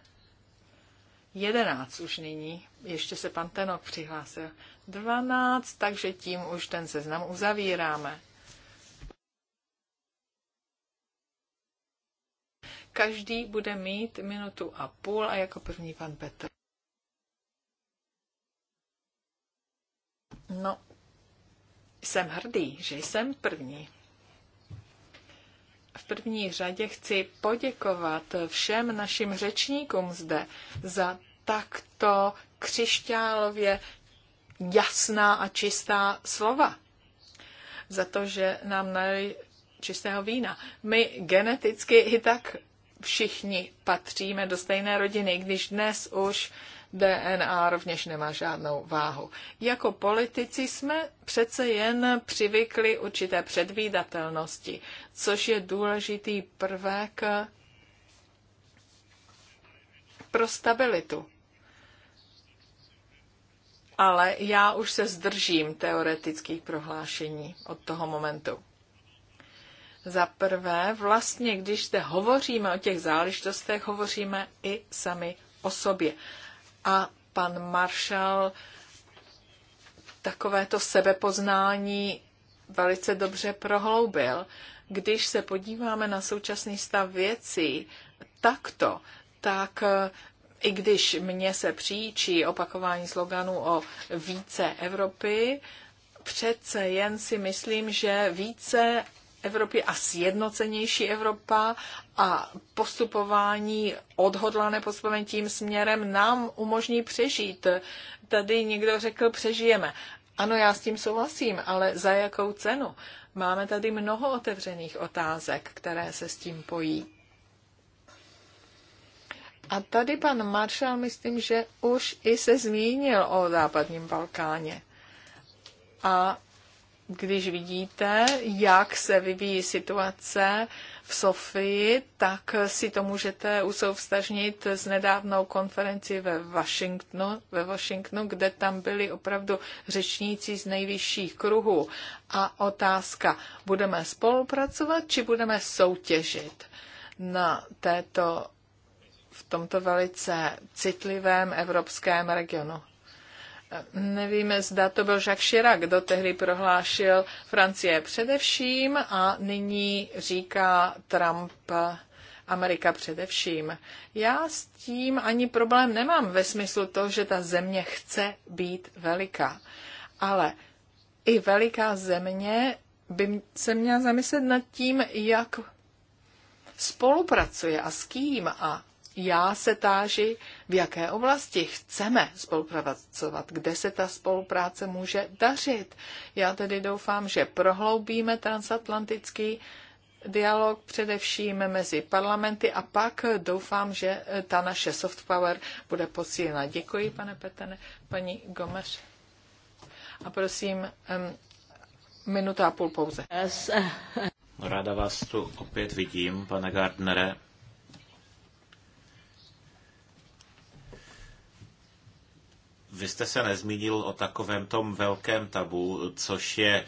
Jedenáct už nyní, ještě se pan Tenok přihlásil. Dvanáct, takže tím už ten seznam uzavíráme. Každý bude mít minutu a půl a jako první pan Petr. No, jsem hrdý, že jsem první. V první řadě chci poděkovat všem našim řečníkům zde za takto křišťálově jasná a čistá slova. Za to, že nám nalili čistého vína. My geneticky i tak všichni patříme do stejné rodiny, když dnes už DNA rovněž nemá žádnou váhu. Jako politici jsme přece jen přivykli určité předvídatelnosti, což je důležitý prvek pro stabilitu. Ale já už se zdržím teoretických prohlášení od toho momentu. Za prvé, vlastně, když zde hovoříme o těch záležitostech, hovoříme i sami o sobě. A pan Marshall takovéto sebepoznání velice dobře prohloubil. Když se podíváme na současný stav věcí takto, tak eh, i když mně se příčí opakování sloganu o více Evropy, přece jen si myslím, že více Evropě a sjednocenější Evropa a postupování, odhodlané postupování tím směrem nám umožní přežít. Tady někdo řekl, přežijeme. Ano, já s tím souhlasím, ale za jakou cenu? Máme tady mnoho otevřených otázek, které se s tím pojí. A tady pan Maršal, myslím, že už i se zmínil o západním Balkáně. A když vidíte, jak se vyvíjí situace v Sofii, tak si to můžete usoustažnit s nedávnou konferenci ve Washingtonu, ve Washingtonu, kde tam byli opravdu řečníci z nejvyšších kruhů. A otázka, budeme spolupracovat či budeme soutěžit na této v tomto velice citlivém evropském regionu. Nevíme, zda to byl Jacques Chirac, kdo tehdy prohlášil Francie především a nyní říká Trump Amerika především. Já s tím ani problém nemám ve smyslu to, že ta země chce být veliká. Ale i veliká země by se měla zamyslet nad tím, jak spolupracuje a s kým a já se táži, v jaké oblasti chceme spolupracovat, kde se ta spolupráce může dařit. Já tedy doufám, že prohloubíme transatlantický dialog především mezi parlamenty a pak doufám, že ta naše soft power bude posílena. Děkuji, pane Petene, paní Gomeš. A prosím, minuta a půl pouze. Ráda vás tu opět vidím, pane Gardnere. Vy jste se nezmínil o takovém tom velkém tabu, což je e,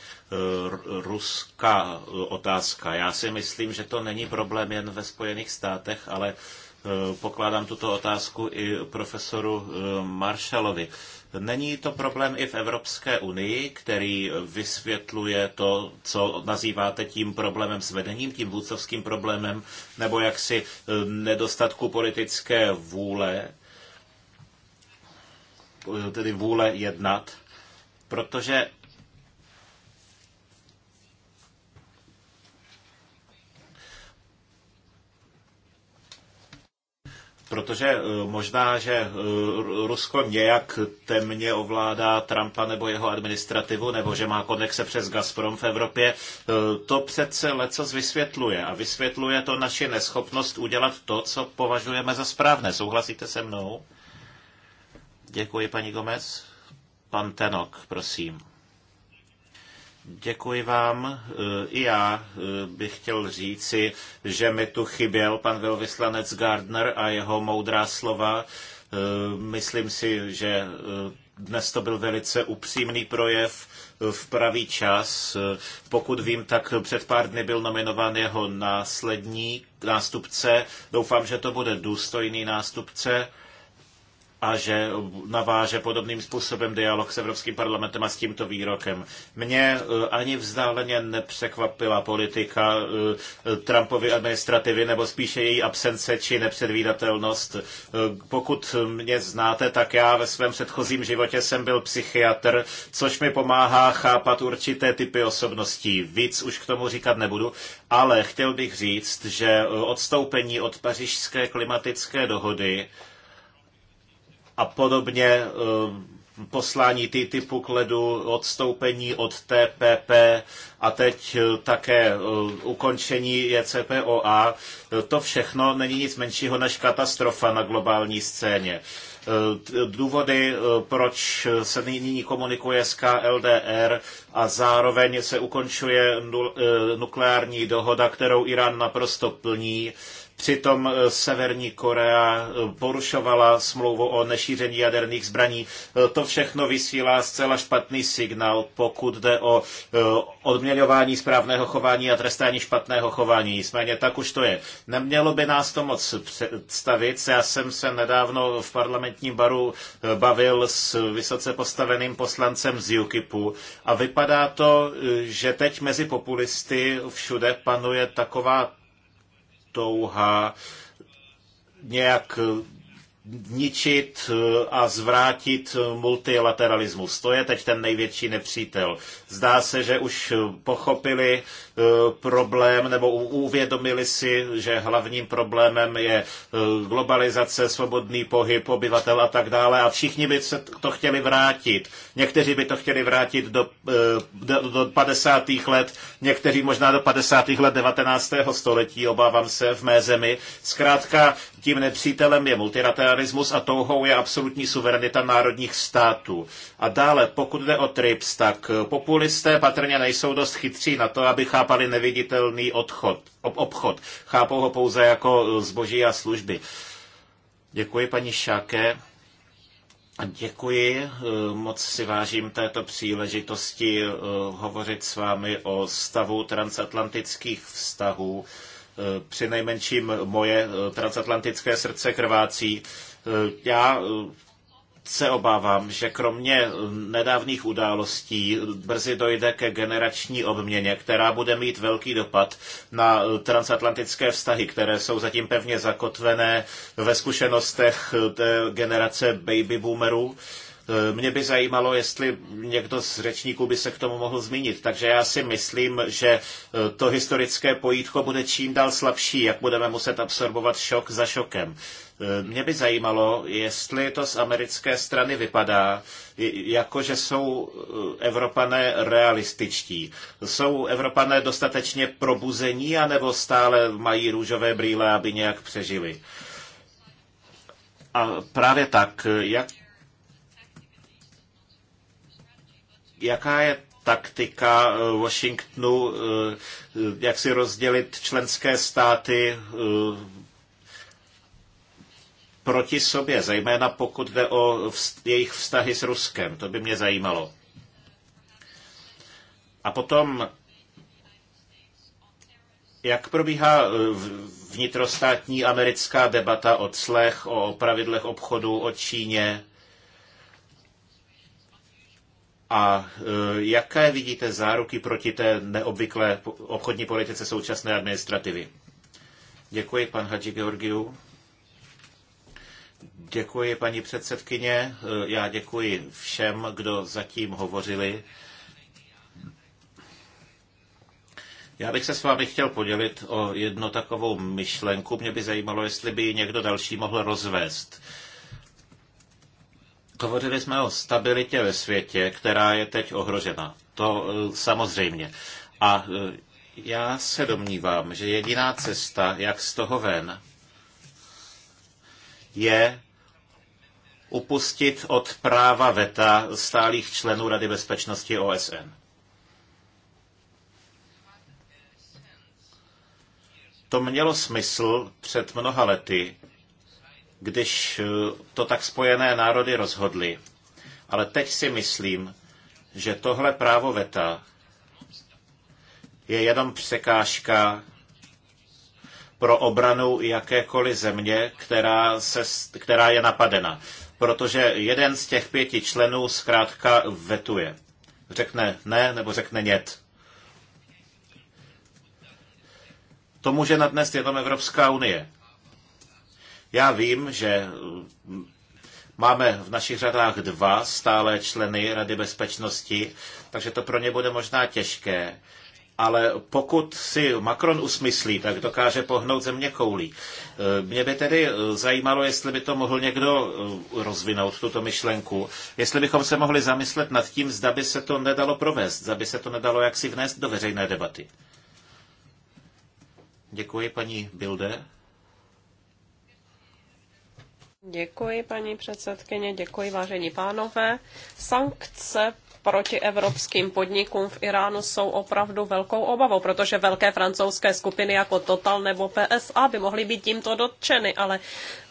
ruská e, otázka. Já si myslím, že to není problém jen ve Spojených státech, ale e, pokládám tuto otázku i profesoru Marshallovi. Není to problém i v Evropské unii, který vysvětluje to, co nazýváte tím problémem s vedením, tím vůcovským problémem, nebo jaksi nedostatku politické vůle tedy vůle jednat, protože protože eh, možná, že eh, Rusko nějak temně ovládá Trumpa nebo jeho administrativu, nebo že má konexe přes Gazprom v Evropě, eh, to přece leco vysvětluje. A vysvětluje to naši neschopnost udělat to, co považujeme za správné. Souhlasíte se mnou? Děkuji, paní Gomez. Pan Tenok, prosím. Děkuji vám. E, I já e, bych chtěl říci, že mi tu chyběl pan velvyslanec Gardner a jeho moudrá slova. E, myslím si, že dnes to byl velice upřímný projev v pravý čas. Pokud vím, tak před pár dny byl nominován jeho následní nástupce. Doufám, že to bude důstojný nástupce a že naváže podobným způsobem dialog s Evropským parlamentem a s tímto výrokem. Mě eh, ani vzdáleně nepřekvapila politika eh, Trumpovy administrativy, nebo spíše její absence či nepředvídatelnost. Eh, pokud mě znáte, tak já ve svém předchozím životě jsem byl psychiatr, což mi pomáhá chápat určité typy osobností. Víc už k tomu říkat nebudu, ale chtěl bych říct, že odstoupení od pařížské klimatické dohody a podobně eh, poslání TTIPu k ledu, odstoupení od TPP a teď eh, také eh, ukončení JCPOA. To všechno není nic menšího než katastrofa na globální scéně. Důvody, proč se nyní komunikuje s KLDR a zároveň se ukončuje nukleární dohoda, kterou Irán naprosto plní, Přitom eh, Severní Korea eh, porušovala smlouvu o nešíření jaderných zbraní. Eh, to všechno vysílá zcela špatný signál, pokud jde o odměňování správného chování a trestání špatného chování. Nicméně tak už to je. Nemělo by nás to moc představit. Já jsem se nedávno v parlamentním baru bavil s vysoce postaveným poslancem z UKIPu a vypadá to, že teď mezi populisty všude panuje taková touha nějak ničit a zvrátit multilateralismus. To je teď ten největší nepřítel. Zdá se, že už pochopili, Eh, problém, nebo uvědomili si, že hlavním problémem je eh, globalizace, svobodný pohyb obyvatel a tak dále a všichni by se to chtěli vrátit. Někteří by to chtěli vrátit do, eh, do, do 50. let, někteří možná do 50. let 19. století, obávám se, v mé zemi. Zkrátka tím nepřítelem je multilateralismus a touhou je absolutní suverenita národních států. A dále, pokud jde o TRIPS, tak populisté patrně nejsou dost chytří na to, aby chápali chápali neviditelný odchod, ob, obchod. Chápou ho pouze jako eh, zboží a služby. Děkuji paní Šáke. Děkuji, eh, moc si vážím této příležitosti eh, hovořit s vámi o stavu transatlantických vztahů. Přinejmenším moje transatlantické srdce krvácí. Já se obávám, že kromě eh, nedávných událostí brzy dojde ke generační obměně, která bude mít velký dopad na eh, transatlantické vztahy, které jsou zatím pevně zakotvené ve zkušenostech eh, té generace baby boomerů. Mě by zajímalo, jestli někdo z řečníků by se k tomu mohl zmínit. Takže já si myslím, že to historické pojítko bude čím dál slabší, jak budeme muset absorbovat šok za šokem. Mě by zajímalo, jestli to z americké strany vypadá, jako že jsou e, Evropané realističtí. Jsou Evropané dostatečně probuzení, anebo stále mají růžové brýle, aby nějak přežili? A právě tak, jak, jaká je taktika e, Washingtonu, e, jak si rozdělit členské státy proti sobě, zejména pokud jde o jejich vztahy s Ruskem. To by mě zajímalo. A potom, jak probíhá e, vnitrostátní americká debata o clech, o pravidlech obchodu, o Číně? A e, jaké vidíte záruky proti té neobvyklé obchodní politice současné administrativy? Děkuji, pan Hadži Georgiou. Děkuji, paní předsedkyně. Já děkuji všem, kdo zatím hovořili. Já bych se s vámi chtěl podělit o jednu takovou myšlenku. Mě by zajímalo, jestli by ji někdo další mohl rozvést. Hovořili jsme o stabilitě ve světě, která je teď ohrožena. To eh, samozřejmě. A eh, já se domnívám, že jediná cesta, jak z toho ven, je upustit od práva VETA stálých členů Rady bezpečnosti OSN. To mělo smysl před mnoha lety, když eh, to tak spojené národy rozhodly. Ale teď si myslím, že tohle právo VETA je jenom překážka pro obranu jakékoliv země, která, se, která je napadena protože jeden z těch pěti členů zkrátka vetuje. Řekne ne nebo řekne nět. To může nadnést jenom Evropská unie. Já vím, že mm, máme v našich řadách dva stále členy Rady bezpečnosti, takže to pro ně bude možná těžké, ale pokud si Macron usmyslí, tak dokáže pohnout země koulí. E, mě by tedy e, zajímalo, jestli by to mohl někdo e, rozvinout, tuto myšlenku, jestli bychom se mohli zamyslet nad tím, zda by se to nedalo provést, zda by se to nedalo jaksi vnést do veřejné debaty. Děkuji, paní Bilde. Děkuji, paní předsedkyně, děkuji, vážení pánové. Sankce proti evropským podnikům v Iránu jsou opravdu velkou obavou, protože velké francouzské skupiny jako Total nebo PSA by mohly být tímto dotčeny, ale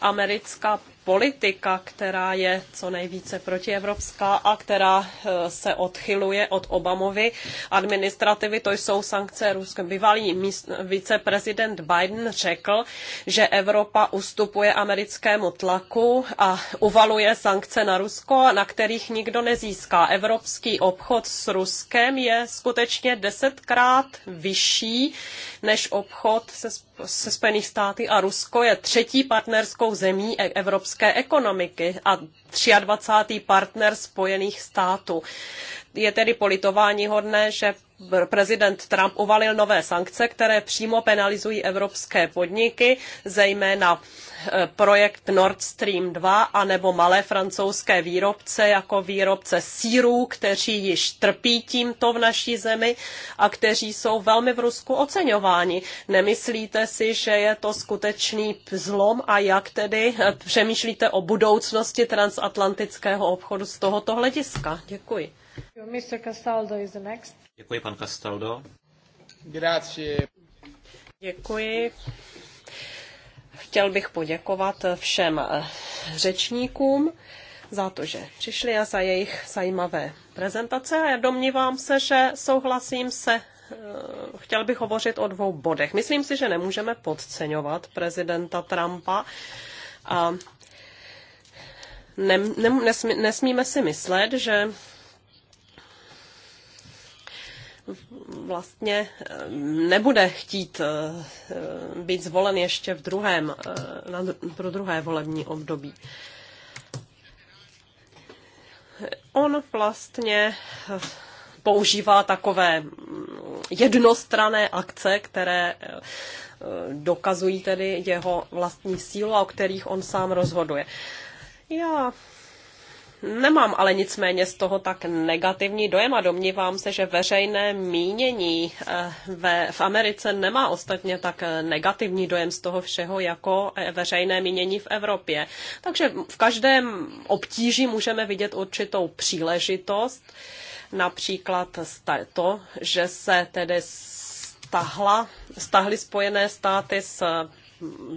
americká politika, která je co nejvíce protievropská a která eh, se odchyluje od Obamovy administrativy, to jsou sankce Ruska. Bývalý míst, viceprezident Biden řekl, že Evropa ustupuje americkému tlaku a uvaluje sankce na Rusko, na kterých nikdo nezíská. Evropský obchod s Ruskem je skutečně desetkrát vyšší než obchod se se Spojených státy a Rusko je třetí partnerskou zemí e- evropské ekonomiky a 23. partner Spojených států. Je tedy politování že prezident Trump uvalil nové sankce, které přímo penalizují evropské podniky, zejména e, projekt Nord Stream 2 anebo malé francouzské výrobce jako výrobce sírů, kteří již trpí tímto v naší zemi a kteří jsou velmi v Rusku oceňováni. Nemyslíte si, že je to skutečný zlom a jak tedy e, přemýšlíte o budoucnosti trans transatlantického obchodu z tohoto hlediska. Děkuji. Mr. Castaldo is the next. Děkuji, pan Castaldo. Grazie. Děkuji. Chtěl bych poděkovat všem eh, řečníkům za to, že přišli a za jejich zajímavé prezentace. A já domnívám se, že souhlasím se eh, chtěl bych hovořit o dvou bodech. Myslím si, že nemůžeme podceňovat prezidenta Trumpa a ne, ne, nesmí, nesmíme si myslet, že vlastně eh, nebude chtít eh, být zvolen ještě v druhém, eh, pro druhé volební období. On vlastně používá takové jednostrané akce, které dokazují tedy jeho vlastní sílu a o kterých on sám rozhoduje. Já Nemám ale nicméně z toho tak negativní dojem a domnívám se, že veřejné mínění eh, ve, v Americe nemá ostatně tak negativní dojem z toho všeho jako eh, veřejné mínění v Evropě. Takže v každém obtíži můžeme vidět určitou příležitost, například to, že se tedy stahla, stahly Spojené státy s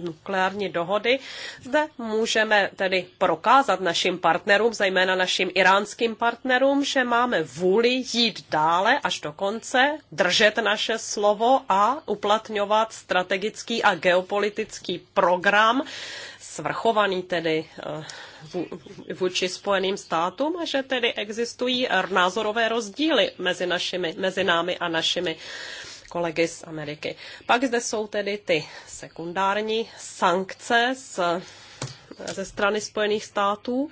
nukleární dohody. Zde můžeme tedy prokázat našim partnerům, zejména našim iránským partnerům, že máme vůli jít dále až do konce, držet naše slovo a uplatňovat strategický a geopolitický program, svrchovaný tedy eh, vůči Spojeným státům a že tedy existují názorové rozdíly mezi, našimi, mezi námi a našimi uh, kolegy z Ameriky. Pak zde jsou tedy ty sekundární sankce z, ze strany Spojených států,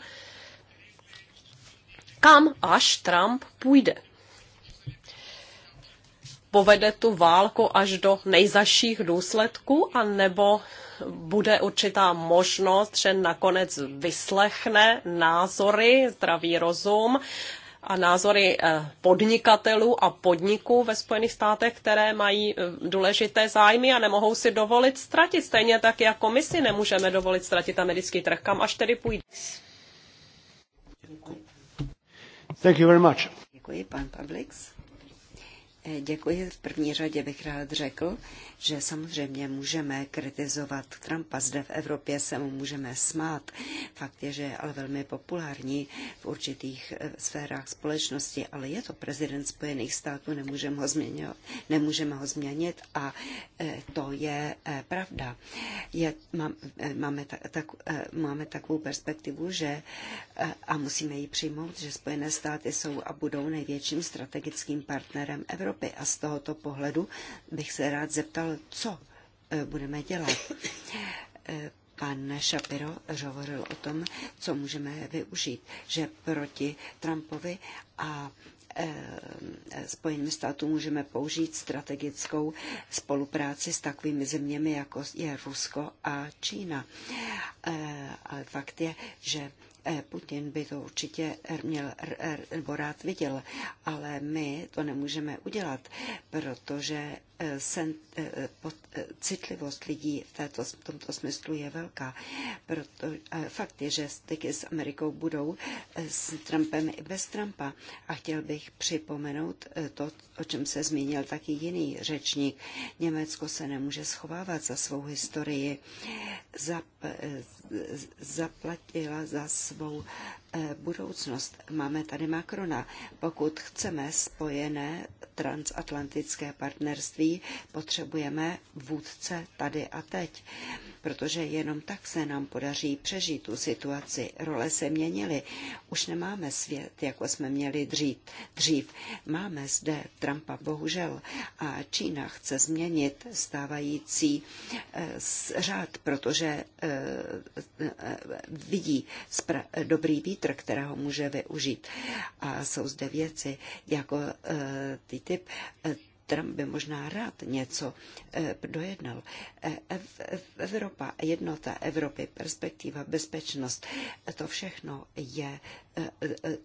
kam až Trump půjde. Povede tu válku až do nejzaších důsledků, anebo bude určitá možnost, že nakonec vyslechne názory, zdravý rozum a názory eh, podnikatelů a podniků ve Spojených státech, které mají eh, důležité zájmy a nemohou si dovolit ztratit. Stejně tak jako my si nemůžeme dovolit ztratit americký trh. Kam až tedy půjde? Thank you very much. Děkuji, pan Publix. Eh, děkuji. V první řadě bych rád řekl, že samozřejmě můžeme kritizovat Trumpa. Zde v Evropě se mu můžeme smát. Fakt je, že je ale velmi populární v určitých eh, sférách společnosti, ale je to prezident Spojených států, nemůžeme ho změnit, nemůžeme ho změnit a eh, to je pravda. Je, máme, tak, máme takovou perspektivu, že a musíme ji přijmout, že Spojené státy jsou a budou největším strategickým partnerem Evropy Evropy. A z tohoto pohledu bych se rád zeptal, co e, budeme dělat. E, pan Shapiro hovoril o tom, co můžeme využít, že proti Trumpovi a e, Spojeným státům můžeme použít strategickou spolupráci s takovými zeměmi, jako je Rusko a Čína. Ale fakt je, že E. Putin by to určitě měl nebo rád viděl, ale my to nemůžeme udělat, protože e, sen, e, pod, citlivost lidí v, této, v tomto smyslu je velká. Proto, fakt je, že styky s Amerikou budou s Trumpem i bez Trumpa. A chtěl bych připomenout to, o čem se zmínil taky jiný řečník. Německo se nemůže schovávat za svou historii. Za, zaplatila za svou eh, budoucnost. Máme tady Macrona. Pokud chceme spojené transatlantické partnerství, potřebujeme vůdce tady a teď protože jenom tak se nám podaří přežít tu situaci. Role se měnily. Už nemáme svět, jako jsme měli dřív. dřív. Máme zde Trumpa, bohužel, a Čína chce změnit stávající eh, řád, protože eh, vidí dobrý vítr, kterého může využít. A jsou zde věci jako eh, Eh, Trump by možná rád něco eh, dojednal. Eh, Evropa, jednota Evropy, perspektiva, bezpečnost, to všechno je,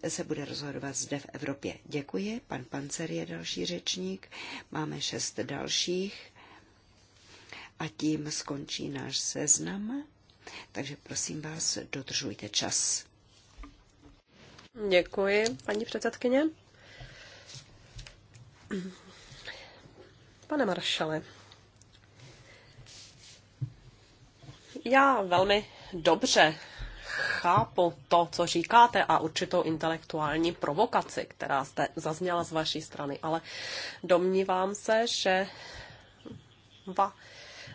eh, se bude rozhodovat zde v Evropě. Děkuji. Pan Pancer je další řečník. Máme šest dalších. A tím skončí náš seznam. Takže prosím vás, dodržujte čas. Děkuji, paní předsedkyně. Pane maršale, já velmi dobře chápu to, co říkáte a určitou intelektuální provokaci, která jste zazněla z vaší strany, ale domnívám se, že va,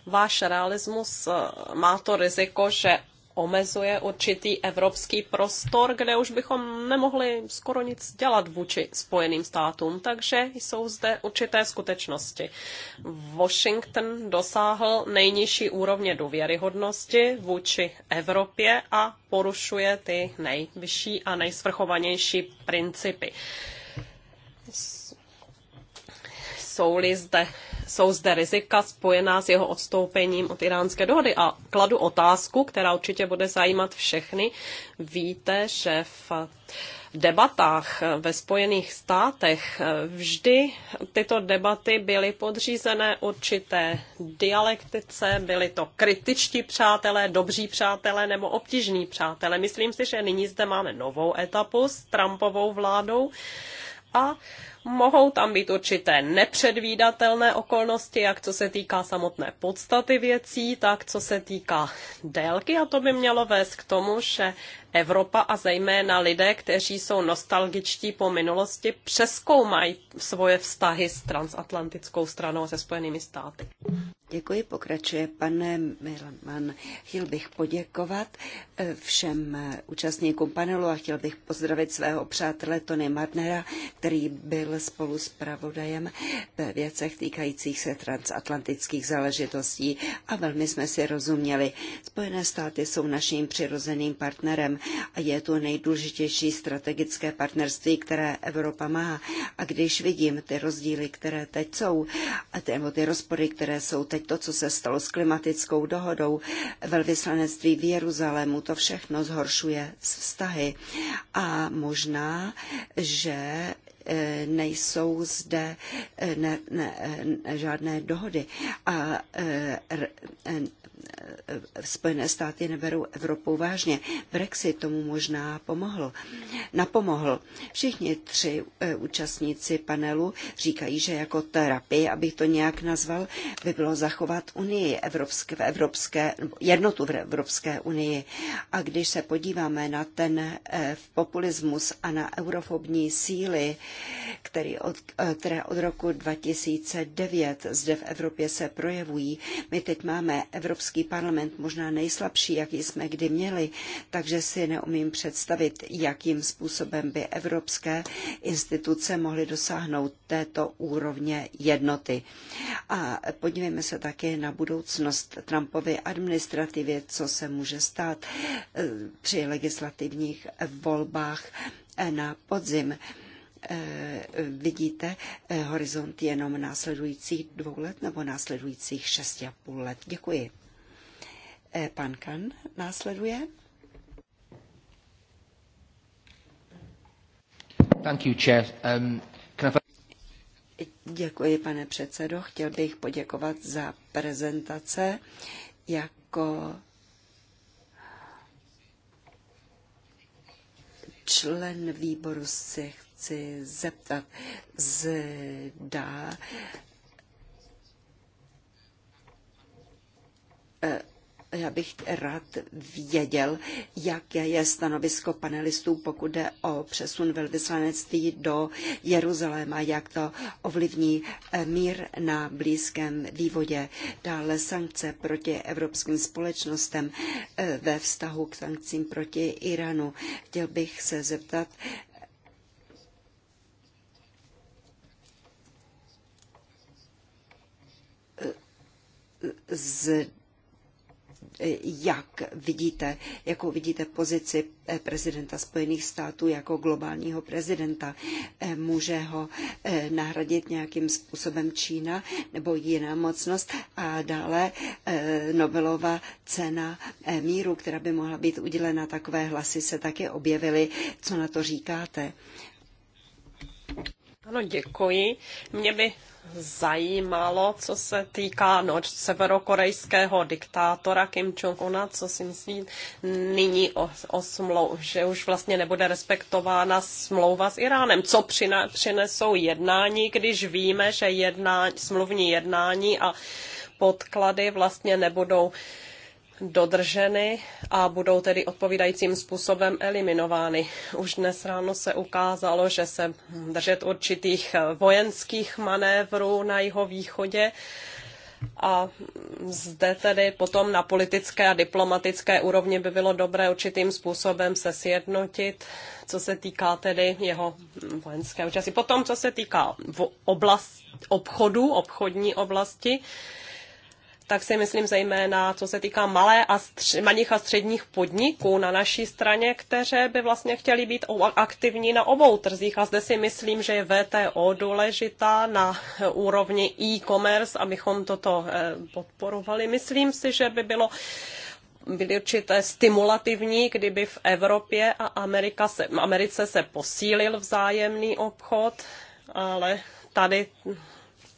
váš realismus eh, má to riziko, že omezuje určitý evropský prostor, kde už bychom nemohli skoro nic dělat vůči Spojeným státům, takže jsou zde určité skutečnosti. Washington dosáhl nejnižší úrovně důvěryhodnosti vůči Evropě a porušuje ty nejvyšší a nejsvrchovanější principy. Jsou-li zde jsou zde rizika spojená s jeho odstoupením od iránské dohody. A kladu otázku, která určitě bude zajímat všechny. Víte, že v debatách ve Spojených státech vždy tyto debaty byly podřízené určité dialektice, byly to kritičtí přátelé, dobří přátelé nebo obtížní přátelé. Myslím si, že nyní zde máme novou etapu s Trumpovou vládou a mohou tam být určité nepředvídatelné okolnosti, jak co se týká samotné podstaty věcí, tak co se týká délky a to by mělo vést k tomu, že Evropa a zejména lidé, kteří jsou nostalgičtí po minulosti, přeskoumají svoje vztahy s transatlantickou stranou a se Spojenými státy. Děkuji, pokračuje pane Milman. Chtěl bych poděkovat eh, všem eh, účastníkům panelu a chtěl bych pozdravit svého přátele Tony Marnera, který byl byl spolu s pravodajem ve věcech týkajících se transatlantických záležitostí a velmi jsme si rozuměli. Spojené státy jsou naším přirozeným partnerem a je to nejdůležitější strategické partnerství, které Evropa má. A když vidím ty rozdíly, které teď jsou, a ty, nebo ty rozpory, které jsou teď, to, co se stalo s klimatickou dohodou, velvyslanectví v Jeruzalému, to všechno zhoršuje vztahy. A možná, že Eh, nejsou zde eh, ne, ne, ne, eh, žádné dohody a Spojené státy neberou Evropu vážně. Brexit tomu možná pomohl. Napomohl. Všichni tři eh, účastníci panelu říkají, že jako terapii, abych to nějak nazval, by bylo zachovat unii evropské, evropské, jednotu v Evropské unii. A když se podíváme na ten eh, populismus a na eurofobní síly, který od, eh, které od roku 2009 zde v Evropě se projevují, my teď máme evropský parlament možná nejslabší, jaký jsme kdy měli, takže si neumím představit, jakým způsobem by evropské instituce mohly dosáhnout této úrovně jednoty. A podívejme se také na budoucnost Trumpovy administrativy, co se může stát eh, při legislativních volbách eh, na podzim eh, vidíte horizont jenom následujících dvou let nebo následujících šesti a půl let. Děkuji. E. následuje. Thank you, Chair. Um, can I... Děkuji, pane předsedo. Chtěl bych poděkovat za prezentace jako člen výboru se chci zeptat, zda e, já bych rád věděl, jaké je stanovisko panelistů, pokud jde o přesun velvyslanectví do Jeruzaléma, jak to ovlivní eh, mír na Blízkém vývodě, dále sankce proti evropským společnostem eh, ve vztahu k sankcím proti Iránu. Chtěl bych se zeptat, eh, z jak vidíte, jakou vidíte pozici eh, prezidenta Spojených států jako globálního prezidenta. Eh, může ho eh, nahradit nějakým způsobem Čína nebo jiná mocnost a dále Nobelova cena míru, která by mohla být udělena, takové hlasy se také objevily. Co na to říkáte? Ano, děkuji. Mě by zajímalo, co se týká noč severokorejského diktátora Kim Jong-una, co si myslí nyní o, o smlou, že už vlastně nebude respektována smlouva s Iránem. Co přina, přinesou jednání, když víme, že jednání, smluvní jednání a podklady vlastně nebudou uh, dodrženy a budou tedy odpovídajícím způsobem eliminovány. Už dnes ráno se ukázalo, že se držet určitých vojenských manévrů na jeho východě a zde tedy potom na politické a diplomatické úrovni by bylo dobré určitým způsobem se sjednotit, co se týká tedy jeho vojenské účasti. Potom, co se týká oblast, obchodu, obchodní oblasti, tak si myslím zejména, co se týká malé a stři- malých a středních podniků na naší straně, kteří by vlastně chtěli být aktivní na obou trzích. A zde si myslím, že je VTO důležitá na úrovni e-commerce, abychom toto eh, podporovali. Myslím si, že by bylo byly určité stimulativní, kdyby v Evropě a Amerika se, Americe se posílil vzájemný obchod, ale tady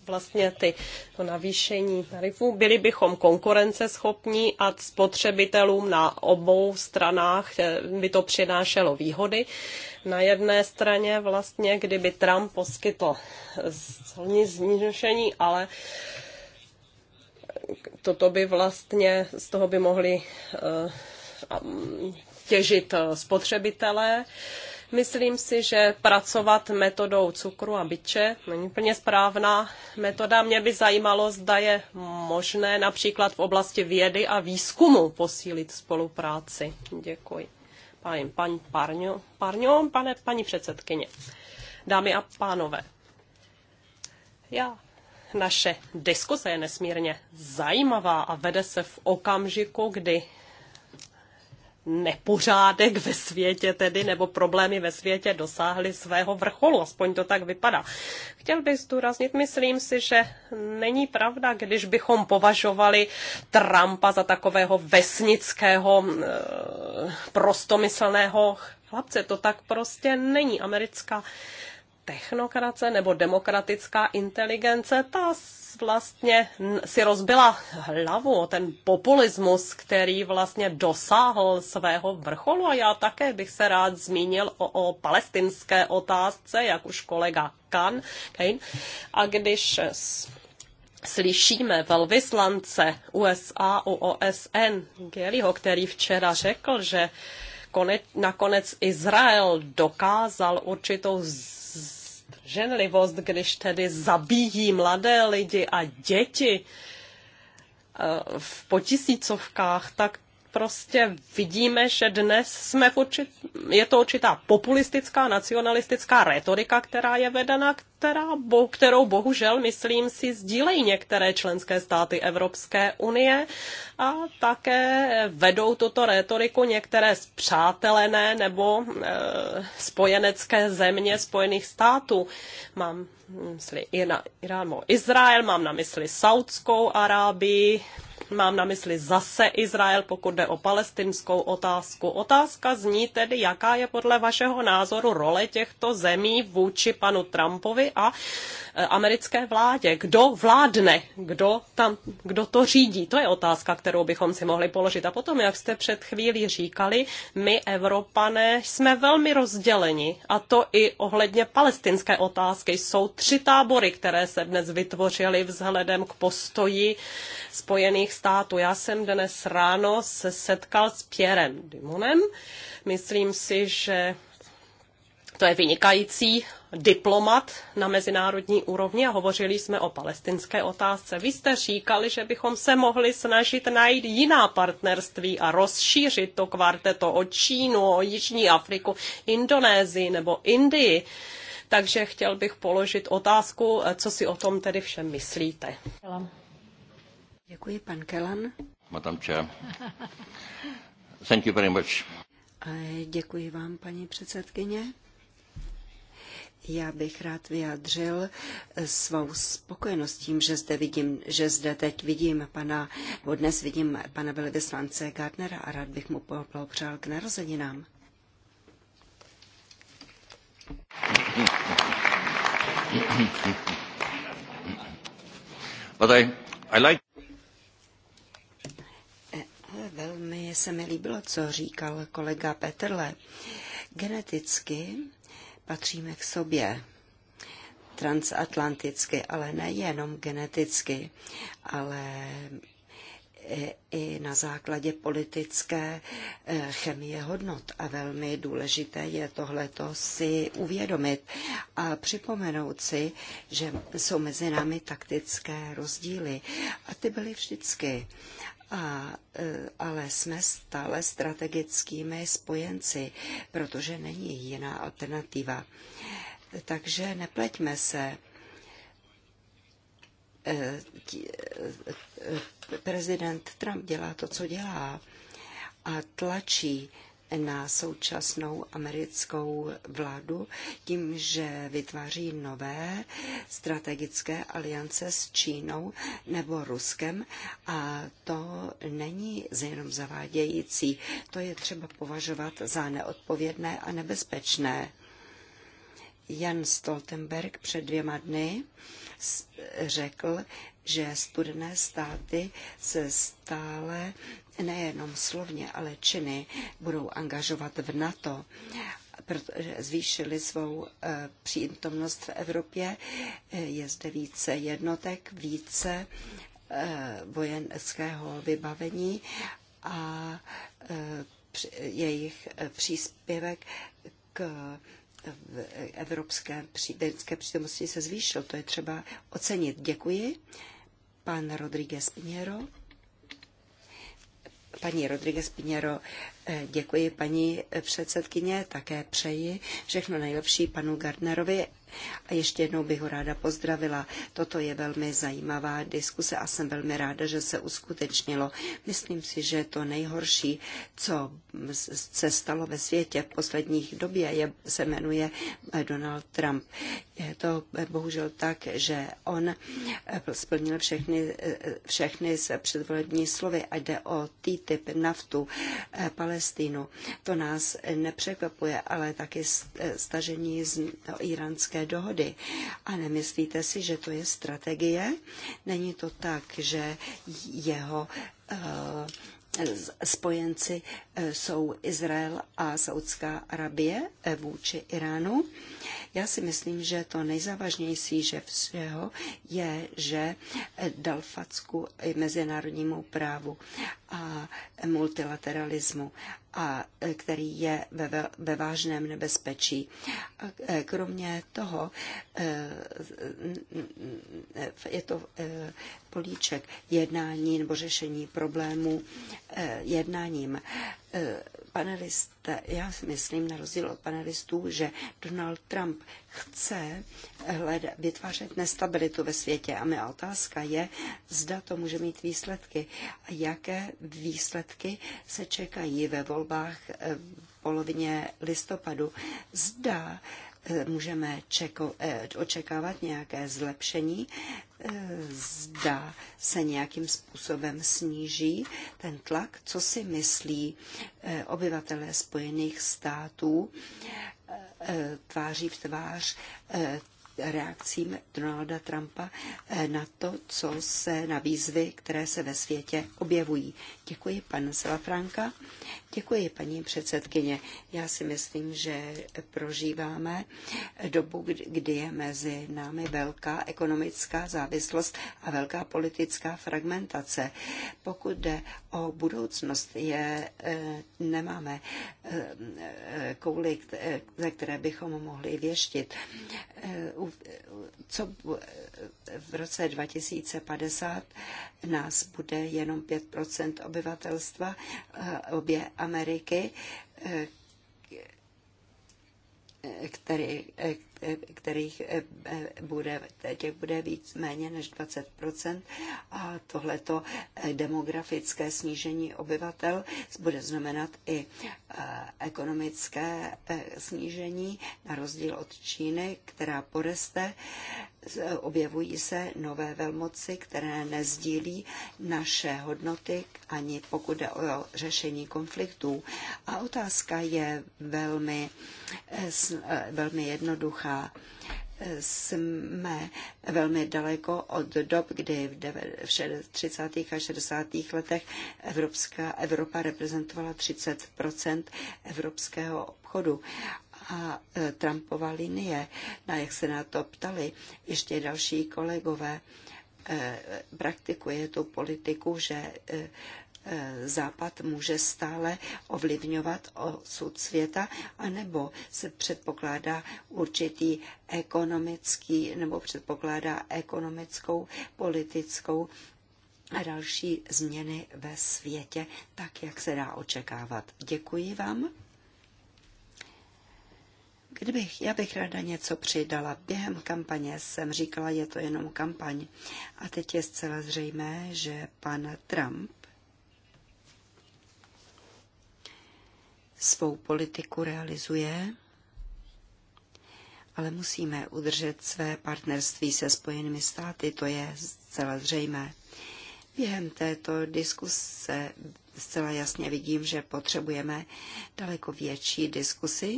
vlastně ty, to navýšení tarifů. Byli bychom konkurenceschopní a spotřebitelům na obou stranách eh, by to přinášelo výhody. Na jedné straně vlastně, kdyby Trump poskytl znižení, ale toto by vlastně, z toho by mohli eh, těžit eh, spotřebitelé. Uh, Myslím si, že pracovat metodou cukru a byče není úplně správná metoda. Mě by zajímalo, zda je možné například v oblasti vědy a výzkumu posílit spolupráci. Děkuji. Paní, paní Parňo, Parňo, pane, paní předsedkyně, dámy a pánové. Já naše diskuse je nesmírně zajímavá a vede se v okamžiku, kdy nepořádek ve světě tedy, nebo problémy ve světě dosáhly svého vrcholu, aspoň to tak vypadá. Chtěl bych zdůraznit, myslím si, že není pravda, když bychom považovali Trumpa za takového vesnického, eh, prostomyslného chlapce. To tak prostě není. Americká technokrace nebo demokratická inteligence, ta vlastně si rozbila hlavu o ten populismus, který vlastně dosáhl svého vrcholu. A já také bych se rád zmínil o, o palestinské otázce, jak už kolega Kan. Kane. A když slyšíme velvyslance USA u OSN Geliho, který včera řekl, že konec, nakonec Izrael dokázal určitou zdrženlivost, když tedy zabíjí mladé lidi a děti eh, v potisícovkách, tak prostě vidíme, že dnes jsme v určit, je to určitá populistická, nacionalistická retorika, která je vedena která, bo, kterou bohužel, myslím si, sdílejí některé členské státy Evropské unie a také vedou tuto retoriku některé zpřátelené nebo e, spojenecké země Spojených států. Mám na mysli Irán, Izrael, mám na mysli Saudskou Arábii, Mám na mysli zase Izrael, pokud jde o palestinskou otázku. Otázka zní tedy, jaká je podle vašeho názoru role těchto zemí vůči panu Trumpovi Trumpovi a e, americké vládě. Kdo vládne? Kdo, tam, kdo to řídí? To je otázka, kterou bychom si mohli položit. A potom, jak jste před chvílí říkali, my Evropané jsme velmi rozděleni a to i ohledně palestinské otázky. Jsou tři tábory, které se dnes vytvořily vzhledem k postoji Spojených států. Já jsem dnes ráno se setkal s Pierrem Dimonem. Myslím si, že to je vynikající diplomat na mezinárodní úrovni a hovořili jsme o palestinské otázce. Vy jste říkali, že bychom se mohli snažit najít jiná partnerství a rozšířit to kvarteto o Čínu, o Jižní Afriku, Indonésii nebo Indii. Takže chtěl bych položit otázku, co si o tom tedy všem myslíte. Děkuji, pan Kelan. Madam Chair. Thank you very much. Děkuji vám, paní předsedkyně. Já bych rád vyjádřil svou spokojenost tím, že zde, vidím, že zde teď vidím pana, bo dnes vidím pana velvyslance Gardnera a rád bych mu poblahopřál k narozeninám. But I, I like... Eh, velmi se mi líbilo, co říkal kolega Petrle. Geneticky patříme k sobě transatlanticky, ale nejenom geneticky, ale i na základě politické eh, chemie hodnot. A velmi důležité je tohleto si uvědomit a připomenout si, že jsou mezi námi taktické rozdíly. A ty byly vždycky a, e, ale jsme stále strategickými spojenci, protože není jiná alternativa. Takže nepleťme se. E, e, prezident Trump dělá to, co dělá a tlačí na současnou americkou vládu tím, že vytváří nové strategické aliance s Čínou nebo Ruskem a to není jenom zavádějící, to je třeba považovat za neodpovědné a nebezpečné. Jan Stoltenberg před dvěma dny řekl, že studené státy se stále nejenom slovně, ale činy budou angažovat v NATO protože zvýšili svou eh, přítomnost v Evropě. Eh, je zde více jednotek, více eh, vojenského vybavení a jejich příspěvek k evropské přítomnosti se zvýšil. To je třeba ocenit. Děkuji pan Rodríguez Piñero. Paní Rodríguez Piñero, eh, děkuji paní předsedkyně, také přeji všechno nejlepší panu Gardnerovi a ještě jednou bych ho ráda pozdravila. Toto je velmi zajímavá diskuse a jsem velmi ráda, že se uskutečnilo. Myslím si, že to nejhorší, co se stalo ve světě v posledních době, je, se jmenuje Donald Trump. Je to bohužel tak, že on splnil všechny, všechny se předvolební slovy a jde o TTIP, naftu, Palestínu. To nás nepřekvapuje, ale taky stažení z iránské pařížské dohody. A nemyslíte si, že to je strategie? Není to tak, že jeho eh, spojenci jsou Izrael a Saudská Arabie eh, vůči Iránu. Já si myslím, že to nejzávažnější že všeho je, že eh, dal facku mezinárodnímu právu a multilateralismu, a eh, který je ve, ve vážném nebezpečí. A kromě toho je to políček jednání nebo řešení problémů jednáním. Eh, panelisté, já si myslím na rozdíl od panelistů, že Donald Trump chce hleda, vytvářet nestabilitu ve světě. A moje otázka je, zda to může mít výsledky a jaké výsledky se čekají ve volbách eh, v polovině listopadu. Zda můžeme čeko, eh, očekávat nějaké zlepšení, eh, zda se nějakým způsobem sníží ten tlak, co si myslí eh, obyvatelé Spojených států tváří v tvář reakcím Donalda Trumpa eh, na to, co se na výzvy, které se ve světě objevují. Děkuji, pan Salafranka. Děkuji, paní předsedkyně. Já si myslím, že prožíváme dobu, kdy je mezi námi velká ekonomická závislost a velká politická fragmentace. Pokud jde o budoucnost, je, eh, nemáme eh, kouli, ze které bychom mohli věštit co v roce 2050 nás bude jenom 5 obyvatelstva eh, obě Ameriky, eh, který, kterých eh, bude, těch bude víc méně než 20 a tohleto eh, demografické snížení obyvatel bude znamenat i eh, ekonomické snížení na rozdíl od Číny, která poreste objevují se nové velmoci, které nezdílí naše hodnoty ani pokud jde o řešení konfliktů. A otázka je velmi, velmi jednoduchá jsme velmi daleko od dob, kdy v 30. a 60. letech Evropská, Evropa reprezentovala 30 evropského obchodu a e, Trumpova linie, na jak se na to ptali ještě další kolegové, e, praktikuje tu politiku, že e, Západ může stále ovlivňovat osud světa, anebo se předpokládá určitý ekonomický, nebo předpokládá ekonomickou, politickou a další změny ve světě, tak jak se dá očekávat. Děkuji vám. Kdybych, já bych ráda něco přidala. Během kampaně jsem říkala, je to jenom kampaň. A teď je zcela zřejmé, že pan Trump svou politiku realizuje, ale musíme udržet své partnerství se Spojenými státy, to je zcela zřejmé. Během této diskuse zcela jasně vidím, že potřebujeme daleko větší diskusy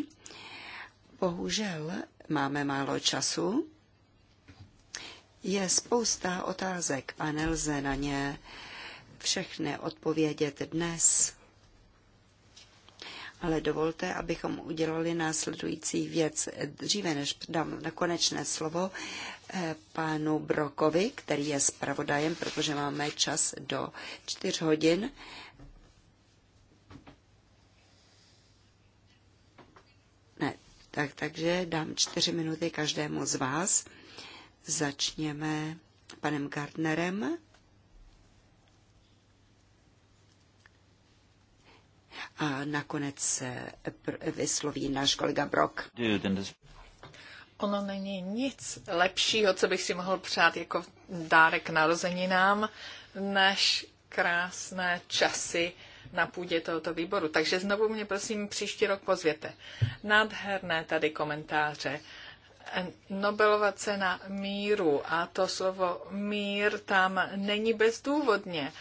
Bohužel máme málo času. Je spousta otázek a nelze na ně všechny odpovědět dnes. Ale dovolte, abychom udělali následující věc. Dříve než dám na konečné slovo eh, pánu Brokovi, který je zpravodajem, protože máme čas do čtyř hodin, Tak, takže dám čtyři minuty každému z vás. Začněme panem Gardnerem. A nakonec se vysloví náš kolega Brok. Ono není nic lepšího, co bych si mohl přát jako dárek narozeninám, než krásné časy na půdě tohoto výboru. Takže znovu mě prosím příští rok pozvěte. Nádherné tady komentáře. Nobelova cena míru a to slovo mír tam není bezdůvodně.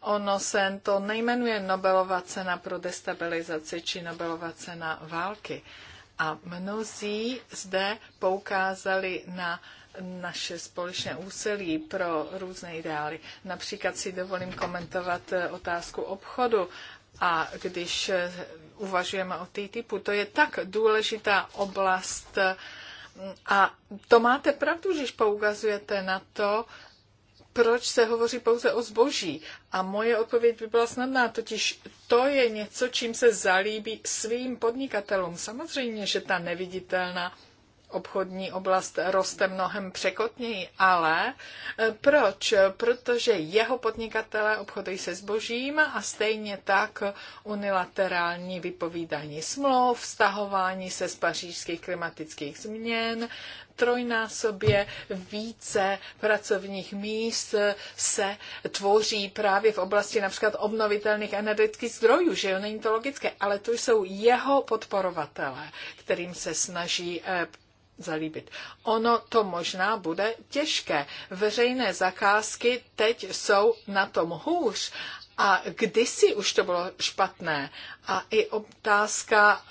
Ono se to nejmenuje Nobelova cena pro destabilizaci či Nobelova cena války. A mnozí zde poukázali na naše společné úsilí pro různé ideály. Například si dovolím komentovat eh, otázku obchodu a když eh, uvažujeme o TTIPu, to je tak důležitá oblast mm, a to máte pravdu, když poukazujete na to, proč se hovoří pouze o zboží. A moje odpověď by byla snadná, totiž to je něco, čím se zalíbí svým podnikatelům. Samozřejmě, že ta neviditelná obchodní oblast roste mnohem překotněji, ale eh, proč? Protože jeho podnikatelé obchodují se zbožím a stejně tak unilaterální vypovídání smluv, vztahování se z pařížských klimatických změn, trojnásobě více pracovních míst se tvoří právě v oblasti například obnovitelných energetických zdrojů, že jo, není to logické, ale to jsou jeho podporovatelé, kterým se snaží eh, zalíbit. Ono to možná bude těžké. Veřejné zakázky teď jsou na tom hůř a kdysi už to bylo špatné. A i otázka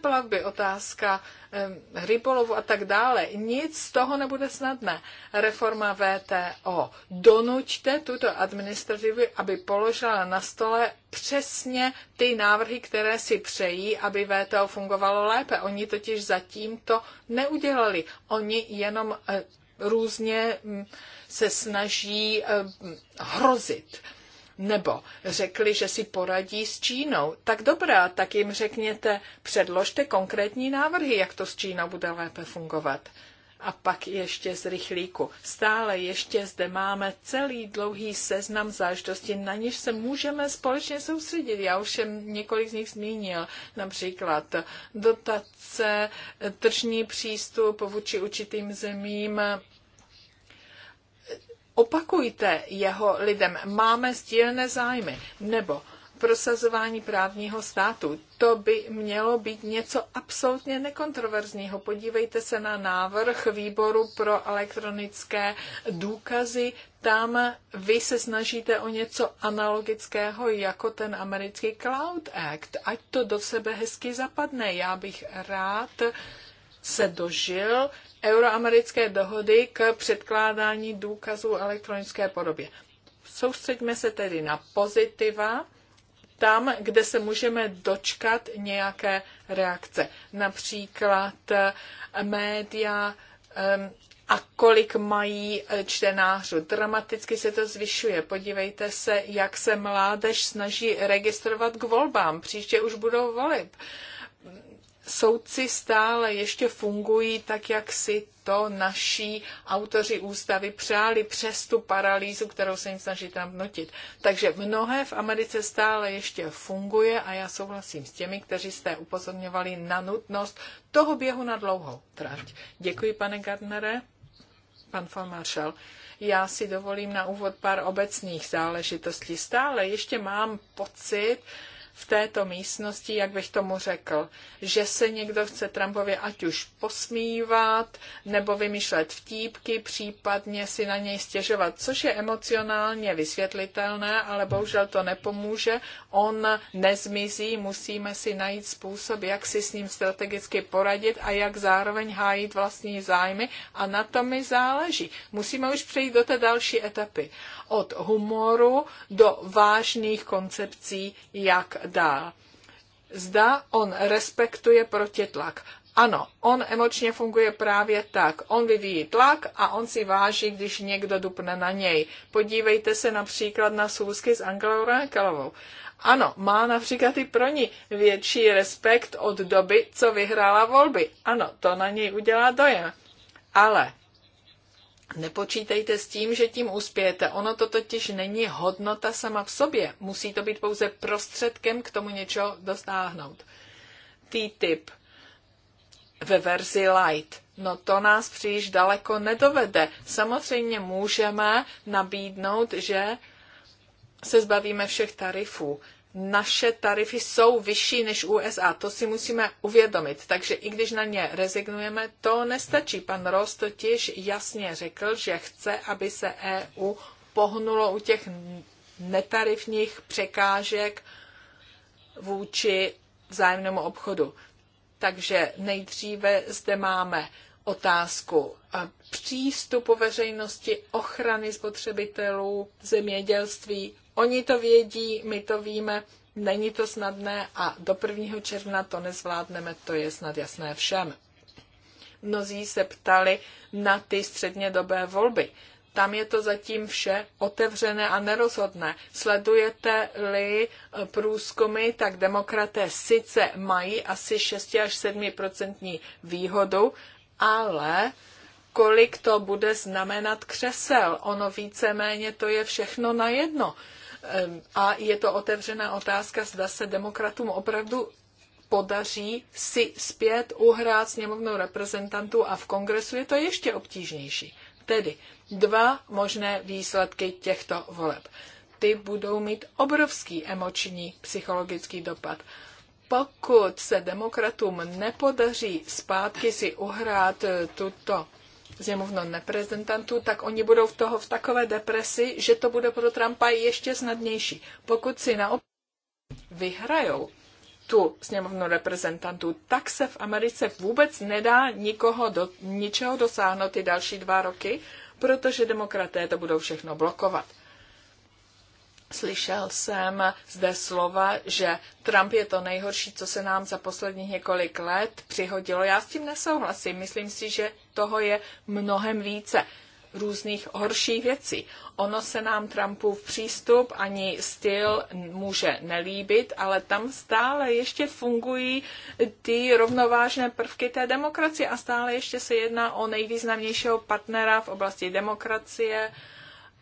plavby, hm, otázka hm, rybolovu a tak dále. Nic z toho nebude snadné. Reforma VTO. Donuďte tuto administrativu, aby položila na stole přesně ty návrhy, které si přejí, aby VTO fungovalo lépe. Oni totiž zatím to neudělali. Oni jenom eh, různě hm, se snaží eh, hrozit nebo řekli, že si poradí s Čínou, tak dobrá, tak jim řekněte, předložte konkrétní návrhy, jak to s Čínou bude lépe fungovat. A pak ještě z rychlíku. Stále ještě zde máme celý dlouhý seznam záležitostí, na něž se můžeme společně soustředit. Já už jsem několik z nich zmínil. Například dotace, tržní přístup vůči určitým zemím, opakujte jeho lidem, máme sdílené zájmy, nebo prosazování právního státu. To by mělo být něco absolutně nekontroverzního. Podívejte se na návrh výboru pro elektronické důkazy. Tam vy se snažíte o něco analogického jako ten americký Cloud Act. Ať to do sebe hezky zapadne. Já bych rád se dožil euroamerické dohody k předkládání důkazů elektronické podobě. Soustředíme se tedy na pozitiva, tam, kde se můžeme dočkat nějaké reakce. Například eh, média ehm, a kolik mají eh, čtenářů. Dramaticky se to zvyšuje. Podívejte se, jak se mládež snaží registrovat k volbám. Příště už budou volit soudci stále ještě fungují tak, jak si to naší autoři ústavy přáli přes tu paralýzu, kterou se jim snaží tam vnotit. Takže mnohé v Americe stále ještě funguje a já souhlasím s těmi, kteří jste upozorňovali na nutnost toho běhu na dlouhou trať. Děkuji, pane Gardnere. Pan von Marshall. Já si dovolím na úvod pár obecných záležitostí. Stále ještě mám pocit, v této místnosti, jak bych tomu řekl, že se někdo chce Trumpově ať už posmívat nebo vymýšlet vtípky, případně si na něj stěžovat, což je emocionálně vysvětlitelné, ale bohužel to nepomůže. On nezmizí, musíme si najít způsob, jak si s ním strategicky poradit a jak zároveň hájit vlastní zájmy a na tom mi záleží. Musíme už přejít do té další etapy. Od humoru do vážných koncepcí, jak dál. Zda on respektuje protitlak. Ano, on emočně funguje právě tak. On vyvíjí tlak a on si váží, když někdo dupne na něj. Podívejte se například na sůzky s Angelou Merkelovou. Ano, má například i pro ní větší respekt od doby, co vyhrála volby. Ano, to na něj udělá dojem. Ale Nepočítejte s tím, že tím uspějete. Ono to totiž není hodnota sama v sobě. Musí to být pouze prostředkem k tomu něčeho dostáhnout. t tip ve verzi light. No to nás příliš daleko nedovede. Samozřejmě můžeme nabídnout, že se zbavíme všech tarifů naše tarify jsou vyšší než USA. To si musíme uvědomit. Takže i když na ně rezignujeme, to nestačí. Pan Ross totiž jasně řekl, že chce, aby se EU pohnulo u těch netarifních překážek vůči vzájemnému obchodu. Takže nejdříve zde máme otázku eh, přístupu veřejnosti, ochrany spotřebitelů, zemědělství, Oni to vědí, my to víme, není to snadné a do 1. června to nezvládneme, to je snad jasné všem. Mnozí se ptali na ty střednědobé volby. Tam je to zatím vše otevřené a nerozhodné. Sledujete-li eh, průzkumy, tak demokraté sice mají asi 6 až 7 výhodu, ale kolik to bude znamenat křesel. Ono víceméně to je všechno na jedno. A je to otevřená otázka, zda se demokratům opravdu podaří si zpět uhrát sněmovnou reprezentantů a v kongresu je to ještě obtížnější. Tedy dva možné výsledky těchto voleb. Ty budou mít obrovský emoční psychologický dopad. Pokud se demokratům nepodaří zpátky si uhrát eh, tuto zjemovno neprezentantů, tak oni budou v toho v takové depresi, že to bude pro Trumpa ještě snadnější. Pokud si naopak vyhrajou tu sněmovnu reprezentantů, tak se v Americe vůbec nedá nikoho do, ničeho dosáhnout ty další dva roky, protože demokraté to budou všechno blokovat. Slyšel jsem zde slova, že Trump je to nejhorší, co se nám za posledních několik let přihodilo. Já s tím nesouhlasím. Myslím si, že toho je mnohem více různých horších věcí. Ono se nám Trumpův přístup ani styl může nelíbit, ale tam stále ještě fungují ty rovnovážné prvky té demokracie a stále ještě se jedná o nejvýznamnějšího partnera v oblasti demokracie,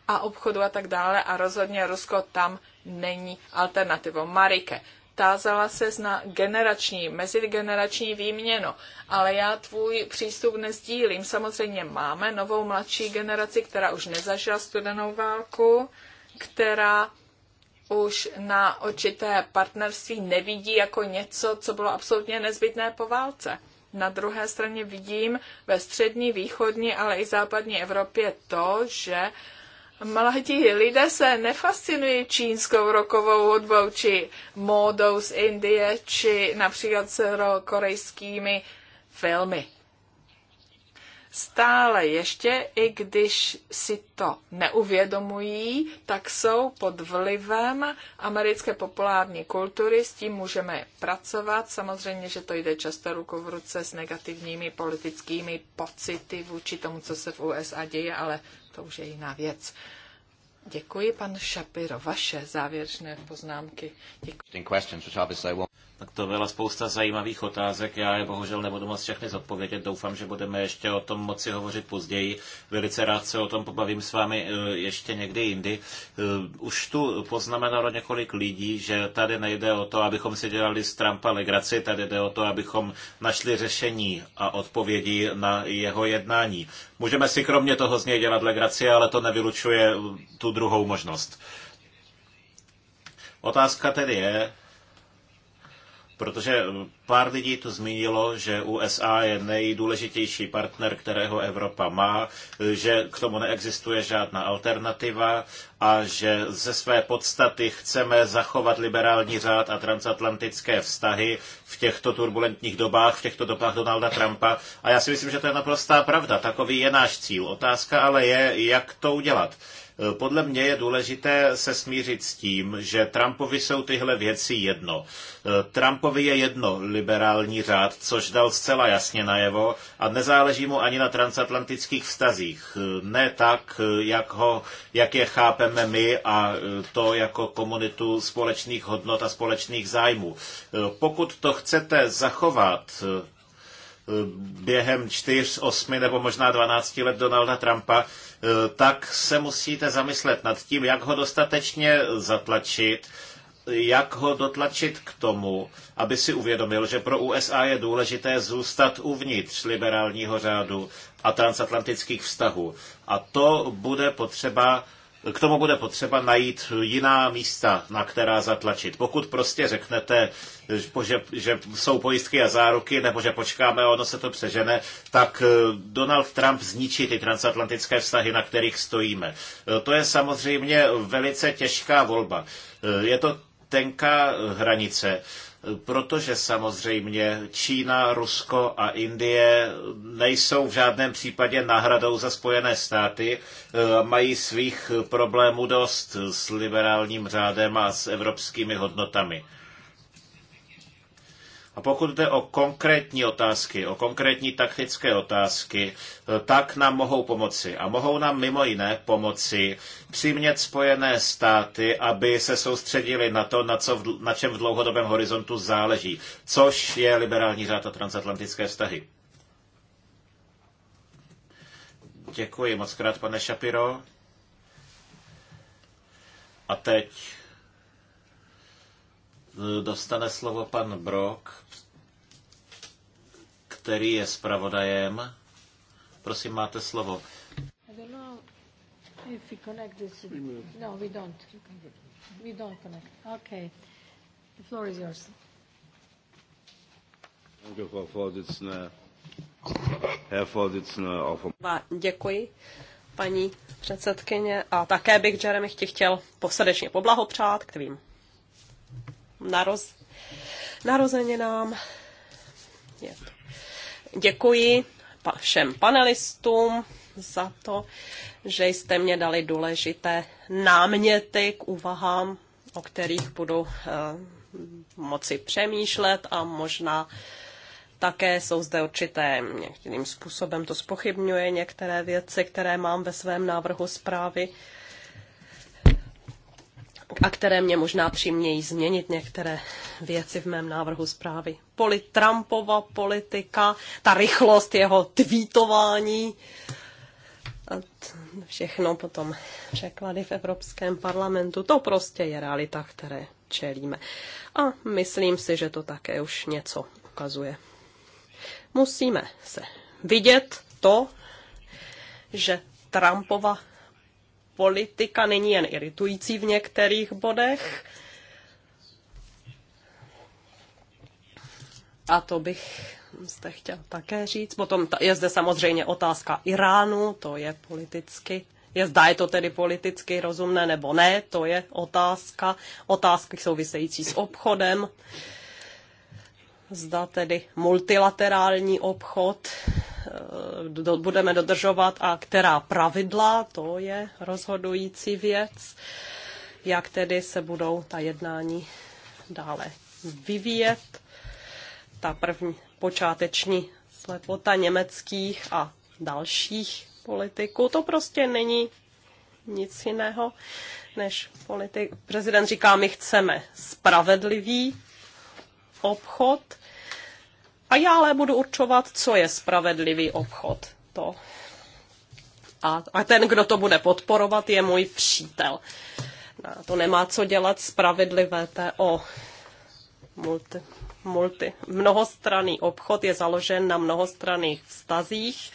a obchodu a tak dále a rozhodně Rusko tam není alternativou. Marike, tázala se na generační, mezigenerační výměnu, ale já tvůj přístup nezdílím. Samozřejmě máme novou mladší generaci, která už nezažila studenou válku, která už na určité partnerství nevidí jako něco, co bylo absolutně nezbytné po válce. Na druhé straně vidím ve střední, východní, ale i západní Evropě to, že uh, mladí lidé se nefascinují čínskou rokovou hudbou či módou z Indie či například s korejskými filmy stále ještě, i když si to neuvědomují, tak jsou pod vlivem americké populární kultury, s tím můžeme pracovat. Samozřejmě, že to jde často ruku v ruce s negativními politickými pocity vůči tomu, co se v USA děje, ale to už je jiná věc. Děkuji, pan Šapiro. Vaše závěrečné poznámky. Děkuji. Tak to byla spousta zajímavých otázek. Já je bohužel nebudu moc všechny zodpovědět. Doufám, že budeme ještě o tom moci hovořit později. Velice rád se o tom pobavím s vámi eh, ještě někdy jindy. Eh, už tu poznamenalo několik lidí, že tady nejde o to, abychom si dělali z Trumpa legraci, tady jde o to, abychom našli řešení a odpovědi na jeho jednání. Můžeme si kromě toho z něj dělat legraci, ale to nevylučuje tu druhou možnost. Otázka tedy je, Protože um, pár lidí to zmínilo, že USA je nejdůležitější partner, kterého Evropa má, eh, že k tomu neexistuje žádná alternativa a že ze své podstaty chceme zachovat liberální řád a transatlantické vztahy v těchto turbulentních dobách, v těchto dobách Donalda Trumpa. A já si myslím, že to je naprostá pravda. Takový je náš cíl. Otázka ale je, jak to udělat. Podle mě je důležité se smířit s tím, že Trumpovi jsou tyhle věci jedno. Eh, Trumpovi je jedno liberální řád, což dal zcela jasně najevo a nezáleží mu ani na transatlantických vztazích. Eh, ne tak, eh, jak, ho, jak je chápeme my a to jako komunitu společných hodnot a společných zájmů. Pokud to chcete zachovat, během čtyř, osmi nebo možná dvanácti let Donalda Trumpa, Eh, tak se musíte zamyslet nad tím, jak ho dostatečně zatlačit, jak ho dotlačit k tomu, aby si uvědomil, že pro USA je důležité zůstat uvnitř liberálního řádu a transatlantických vztahů. A to bude potřeba k tomu bude potřeba najít jiná místa, na která zatlačit. Pokud prostě řeknete, že, že jsou pojistky a záruky, nebo že počkáme, ono se to přežene, tak eh, Donald Trump zničí ty transatlantické vztahy, na kterých stojíme. Eh, to je samozřejmě velice těžká volba. Eh, je to tenká hranice protože samozřejmě Čína, Rusko a Indie nejsou v žádném případě náhradou za Spojené státy, e, mají svých problémů dost s liberálním řádem a s evropskými hodnotami. A pokud jde o konkrétní otázky, o konkrétní taktické otázky, eh, tak nám mohou pomoci. A mohou nám mimo jiné pomoci přimět Spojené státy, aby se soustředili na to, na, co, na čem v dlouhodobém horizontu záleží, což je liberální řád a transatlantické vztahy. Děkuji moc krát, pane Šapiro. A teď eh, dostane slovo pan Brok, který je zpravodajem. Prosím, máte slovo. If we connect this, no, we don't. We don't connect. Okay. The floor is yours. Děkuji, paní předsedkyně. A také bych Jeremy tě chtěl posledečně poblahopřát k tvým naroz, narozeninám. Je to Děkuji všem panelistům za to, že jste mě dali důležité náměty k úvahám, o kterých budu eh, moci přemýšlet a možná také jsou zde určité, některým způsobem to spochybňuje některé věci, které mám ve svém návrhu zprávy a které mě možná přimějí změnit některé věci v mém návrhu zprávy. Poli Trumpova politika, ta rychlost jeho tweetování, a všechno potom překlady v Evropském parlamentu, to prostě je realita, které čelíme. A myslím si, že to také už něco ukazuje. Musíme se vidět to, že Trumpova politika není jen iritující v některých bodech. A to bych jste chtěl také říct. Potom je zde samozřejmě otázka Iránu, to je politicky je zda je to tedy politicky rozumné nebo ne, to je otázka. Otázky související s obchodem, zda tedy multilaterální obchod eh, budeme dodržovat a která pravidla, to je rozhodující věc, jak tedy se budou ta jednání dále vyvíjet. Ta první počáteční slepota německých a dalších politiků, to prostě není nic jiného, než politik. Prezident říká, my chceme spravedlivý obchod a já ale budu určovat, co je spravedlivý obchod. To. A, a ten, kdo to bude podporovat, je můj přítel. No, to nemá co dělat spravedlivé TO. Multi, multi. Mnohostranný obchod je založen na mnohostranných vztazích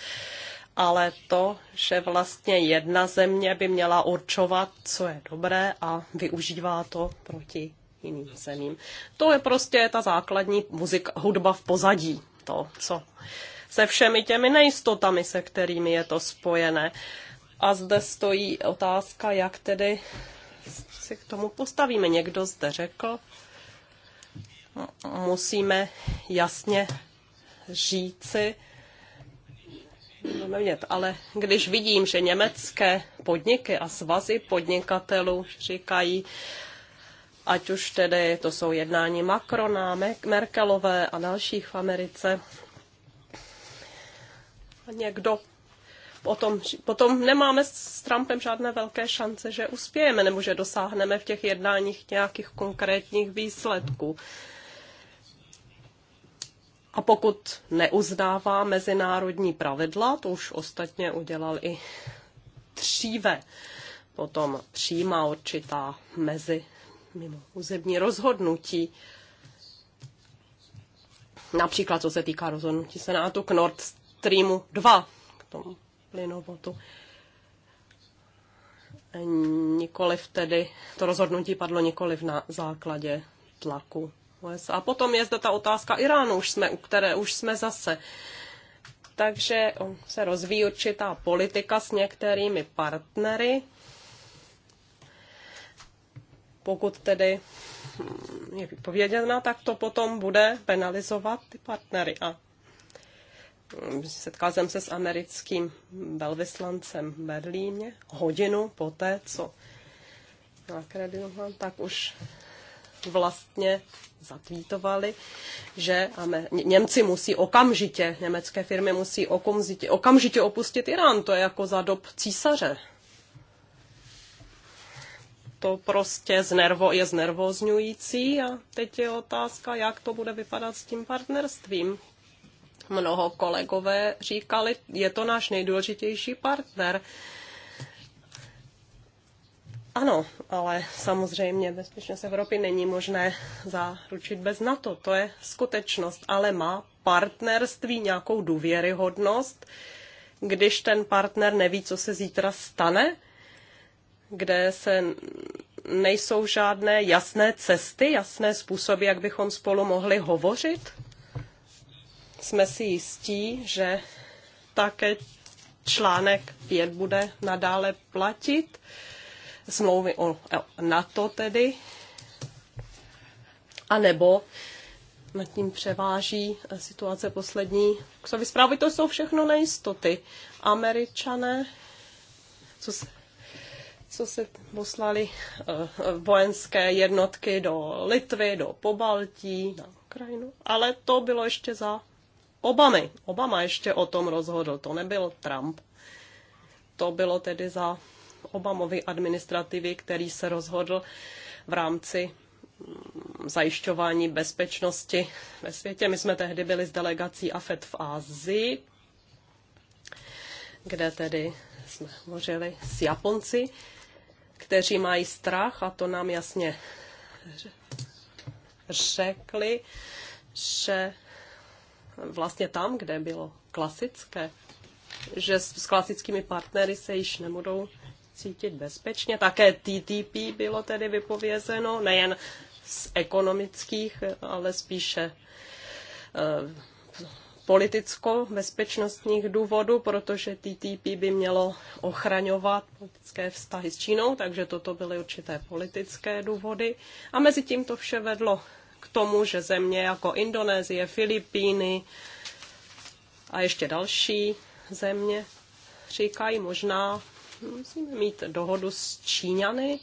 ale to, že vlastně jedna země by měla určovat, co je dobré a využívá to proti jiným zemím. To je prostě ta základní muzika, hudba v pozadí, to, co se všemi těmi nejistotami, se kterými je to spojené. A zde stojí otázka, jak tedy si k tomu postavíme. Někdo zde řekl, musíme jasně říci, Nemět, ale když vidím, že německé podniky a svazy podnikatelů říkají, ať už tedy to jsou jednání Macrona, Merkelové a dalších v Americe. Někdo potom, potom nemáme s Trumpem žádné velké šance, že uspějeme nebo že dosáhneme v těch jednáních nějakých konkrétních výsledků. A pokud neuznává mezinárodní pravidla, to už ostatně udělal i dříve, potom přijímá určitá mezi mimo územní rozhodnutí. Například co se týká rozhodnutí Senátu k Nord Streamu 2, k tomu plynovodu. Nikoliv tedy, to rozhodnutí padlo nikoliv na základě tlaku USA. A potom je zde ta otázka Iránu, už jsme, u které už jsme zase. Takže se rozvíjí určitá politika s některými partnery, pokud tedy hm, je vypověděna, tak to potom bude penalizovat ty partnery. A hm, setkal jsem se s americkým velvyslancem v Berlíně hodinu poté, co nakreditoval, tak už vlastně zatvítovali, že Němci musí okamžitě, německé firmy musí okamžitě, okamžitě opustit Irán. To je jako za dob císaře to prostě znervo, je znervozňující a teď je otázka, jak to bude vypadat s tím partnerstvím. Mnoho kolegové říkali, je to náš nejdůležitější partner. Ano, ale samozřejmě bezpečnost Evropy není možné zaručit bez NATO, to je skutečnost, ale má partnerství nějakou důvěryhodnost, když ten partner neví, co se zítra stane, kde se nejsou žádné jasné cesty, jasné způsoby, jak bychom spolu mohli hovořit. Jsme si jistí, že také článek 5 bude nadále platit, smlouvy o NATO tedy, a nebo nad tím převáží situace poslední. Ksovy zprávy to jsou všechno nejistoty. Američané, co se co se poslali eh, vojenské jednotky do Litvy, do Pobaltí, na Ukrajinu, ale to bylo ještě za Obamy. Obama ještě o tom rozhodl, to nebyl Trump. To bylo tedy za Obamovy administrativy, který se rozhodl v rámci mm, zajišťování bezpečnosti ve světě. My jsme tehdy byli s delegací AFET v Ázii, kde tedy jsme hovořili s Japonci kteří mají strach, a to nám jasně řekli, že vlastně tam, kde bylo klasické, že s, s klasickými partnery se již nebudou cítit bezpečně. Také TTP bylo tedy vypovězeno, nejen z ekonomických, ale spíše eh, politicko-bezpečnostních důvodů, protože TTP by mělo ochraňovat politické vztahy s Čínou, takže toto byly určité politické důvody. A mezi tím to vše vedlo k tomu, že země jako Indonésie, Filipíny a ještě další země říkají možná, musíme mít dohodu s Číňany,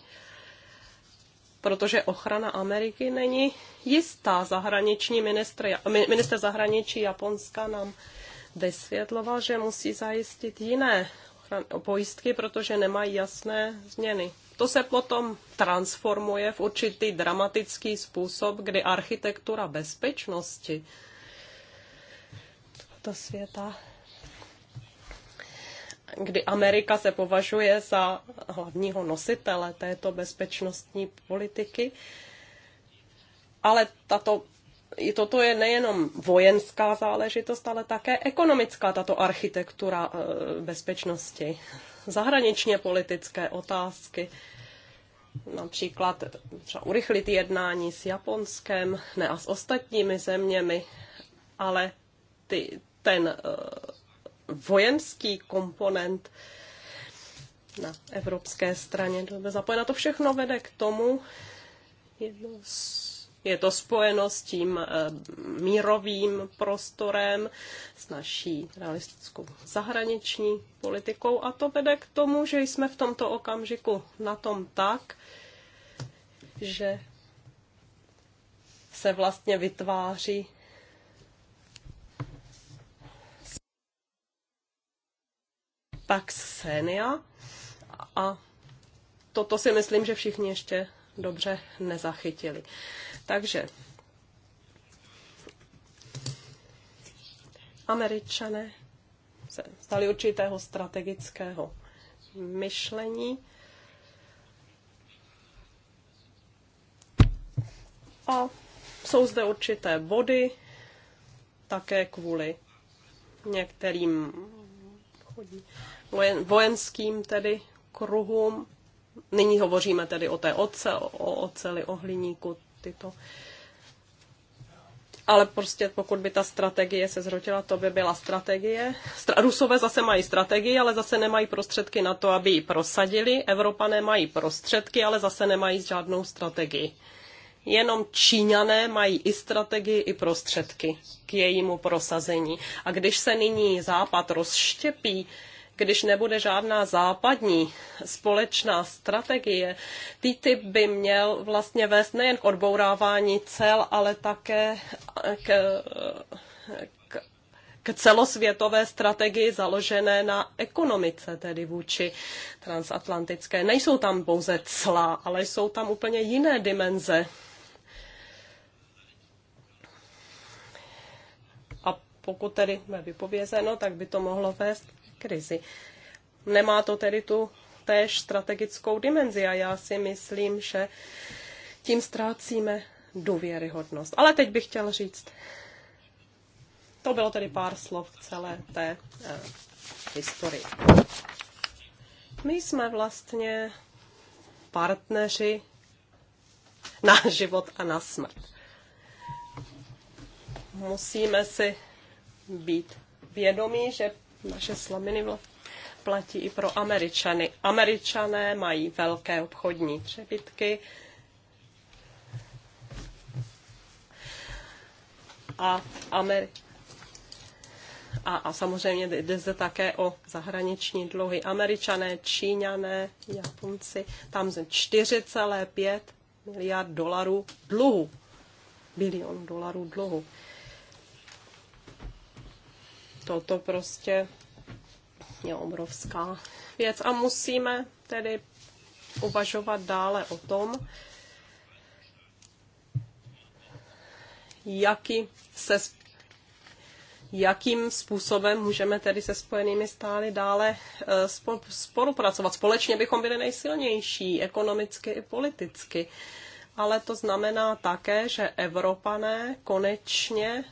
protože ochrana Ameriky není jistá. Zahraniční ministr, minister zahraničí Japonska nám vysvětloval, že musí zajistit jiné pojistky, protože nemají jasné změny. To se potom transformuje v určitý dramatický způsob, kdy architektura bezpečnosti to světa kdy Amerika se považuje za hlavního nositele této bezpečnostní politiky. Ale tato, i toto je nejenom vojenská záležitost, ale také ekonomická tato architektura eh, bezpečnosti, zahraničně politické otázky například třeba urychlit jednání s Japonskem, ne a s ostatními zeměmi, ale ty, ten eh, vojenský komponent na evropské straně byl zapojen. A to všechno vede k tomu, je to spojeno s tím eh, mírovým prostorem, s naší realistickou zahraniční politikou a to vede k tomu, že jsme v tomto okamžiku na tom tak, že se vlastně vytváří Pax Senia a toto si myslím, že všichni ještě dobře nezachytili. Takže američané se stali určitého strategického myšlení. A jsou zde určité body, také kvůli některým chodí vojenským tedy kruhům. Nyní hovoříme tedy o té oce, o oceli, o hliníku, tyto. Ale prostě pokud by ta strategie se zrotila, to by byla strategie. Stra- Rusové zase mají strategii, ale zase nemají prostředky na to, aby ji prosadili. Evropané mají prostředky, ale zase nemají žádnou strategii. Jenom Číňané mají i strategii, i prostředky k jejímu prosazení. A když se nyní Západ rozštěpí, když nebude žádná západní společná strategie, TTIP by měl vlastně vést nejen k odbourávání cel, ale také k, k k celosvětové strategii založené na ekonomice, tedy vůči transatlantické. Nejsou tam pouze cla, ale jsou tam úplně jiné dimenze. A pokud tedy bude vypovězeno, tak by to mohlo vést krizi. Nemá to tedy tu též strategickou dimenzi a já si myslím, že tím ztrácíme důvěryhodnost. Ale teď bych chtěl říct, to bylo tedy pár slov celé té eh, historii. My jsme vlastně partneři na život a na smrt. Musíme si být vědomí, že naše slaminy platí i pro Američany. Američané mají velké obchodní přebytky a Ameri- a, a samozřejmě jde zde také o zahraniční dluhy. Američané, Číňané, Japonci, tam jsou 4,5 miliard dolarů dluhu. Bilion dolarů dluhu. Toto prostě je obrovská věc a musíme tedy uvažovat dále o tom, jaký se, jakým způsobem můžeme tedy se spojenými stály dále eh, spolupracovat. Společně bychom byli nejsilnější ekonomicky i politicky. Ale to znamená také, že Evropané konečně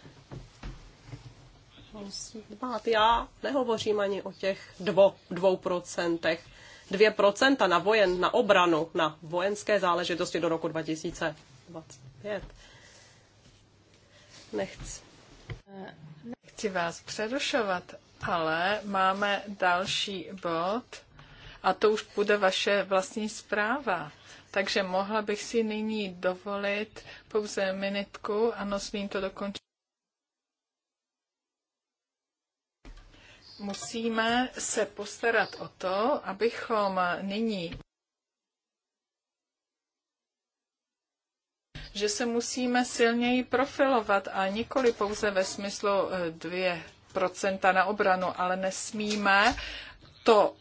bát. Já nehovořím ani o těch dvo, dvou procentech. Dvě procenta na vojen, na obranu, na vojenské záležitosti do roku 2025. Nechci. Nechci vás přerušovat, ale máme další bod a to už bude vaše vlastní zpráva. Takže mohla bych si nyní dovolit pouze minutku, ano, smím to dokončit. musíme se postarat o to, abychom nyní že se musíme silněji profilovat a nikoli pouze ve smyslu 2% eh, na obranu, ale nesmíme to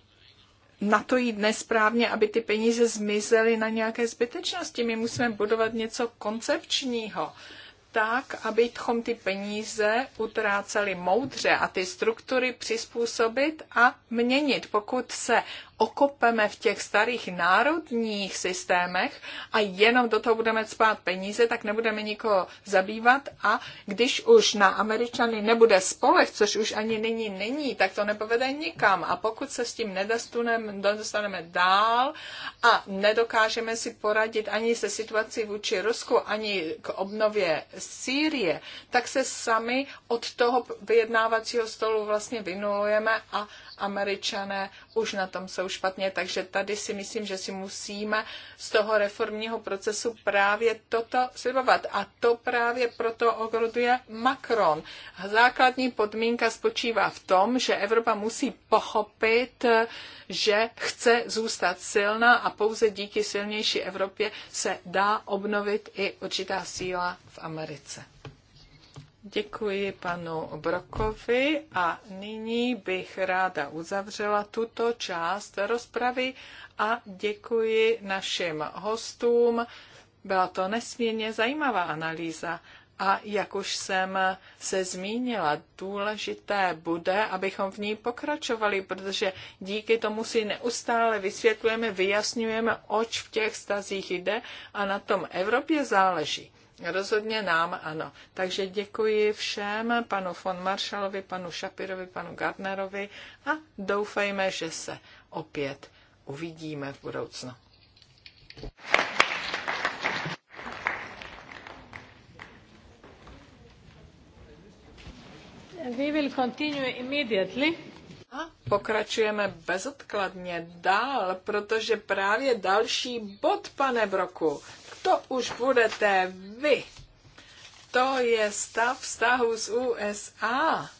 na to jít nesprávně, aby ty peníze zmizely na nějaké zbytečnosti. My musíme budovat něco koncepčního tak, abychom ty peníze utráceli moudře a ty struktury přizpůsobit a měnit. Pokud se okopeme v těch starých národních systémech a jenom do toho budeme spát peníze, tak nebudeme nikoho zabývat a když už na Američany nebude spoleh, což už ani nyní není, tak to nepovede nikam. A pokud se s tím nedostaneme dál a nedokážeme si poradit ani se situací vůči Rusku, ani k obnově Sýrie, tak se sami od toho vyjednávacího stolu vlastně vynulujeme a američané už na tom jsou špatně, takže tady si myslím, že si musíme z toho reformního procesu právě toto slibovat. A to právě proto ogroduje Macron. Základní podmínka spočívá v tom, že Evropa musí pochopit, že chce zůstat silná a pouze díky silnější Evropě se dá obnovit i určitá síla v Americe. Děkuji panu Brokovi a nyní bych ráda uzavřela tuto část rozpravy a děkuji našim hostům. Byla to nesmírně zajímavá analýza. A jak už jsem se zmínila, důležité bude, abychom v ní pokračovali, protože díky tomu si neustále vysvětlujeme, vyjasňujeme, oč v těch stazích jde a na tom Evropě záleží. Rozhodně nám ano. Takže děkuji všem, panu von Maršalovi, panu Šapirovi, panu Gardnerovi a doufejme, že se opět uvidíme v budoucnu. We will continue immediately. A pokračujeme bezodkladně dál, protože právě další bod, pane Broku to už budete vy. To je stav vztahu z USA.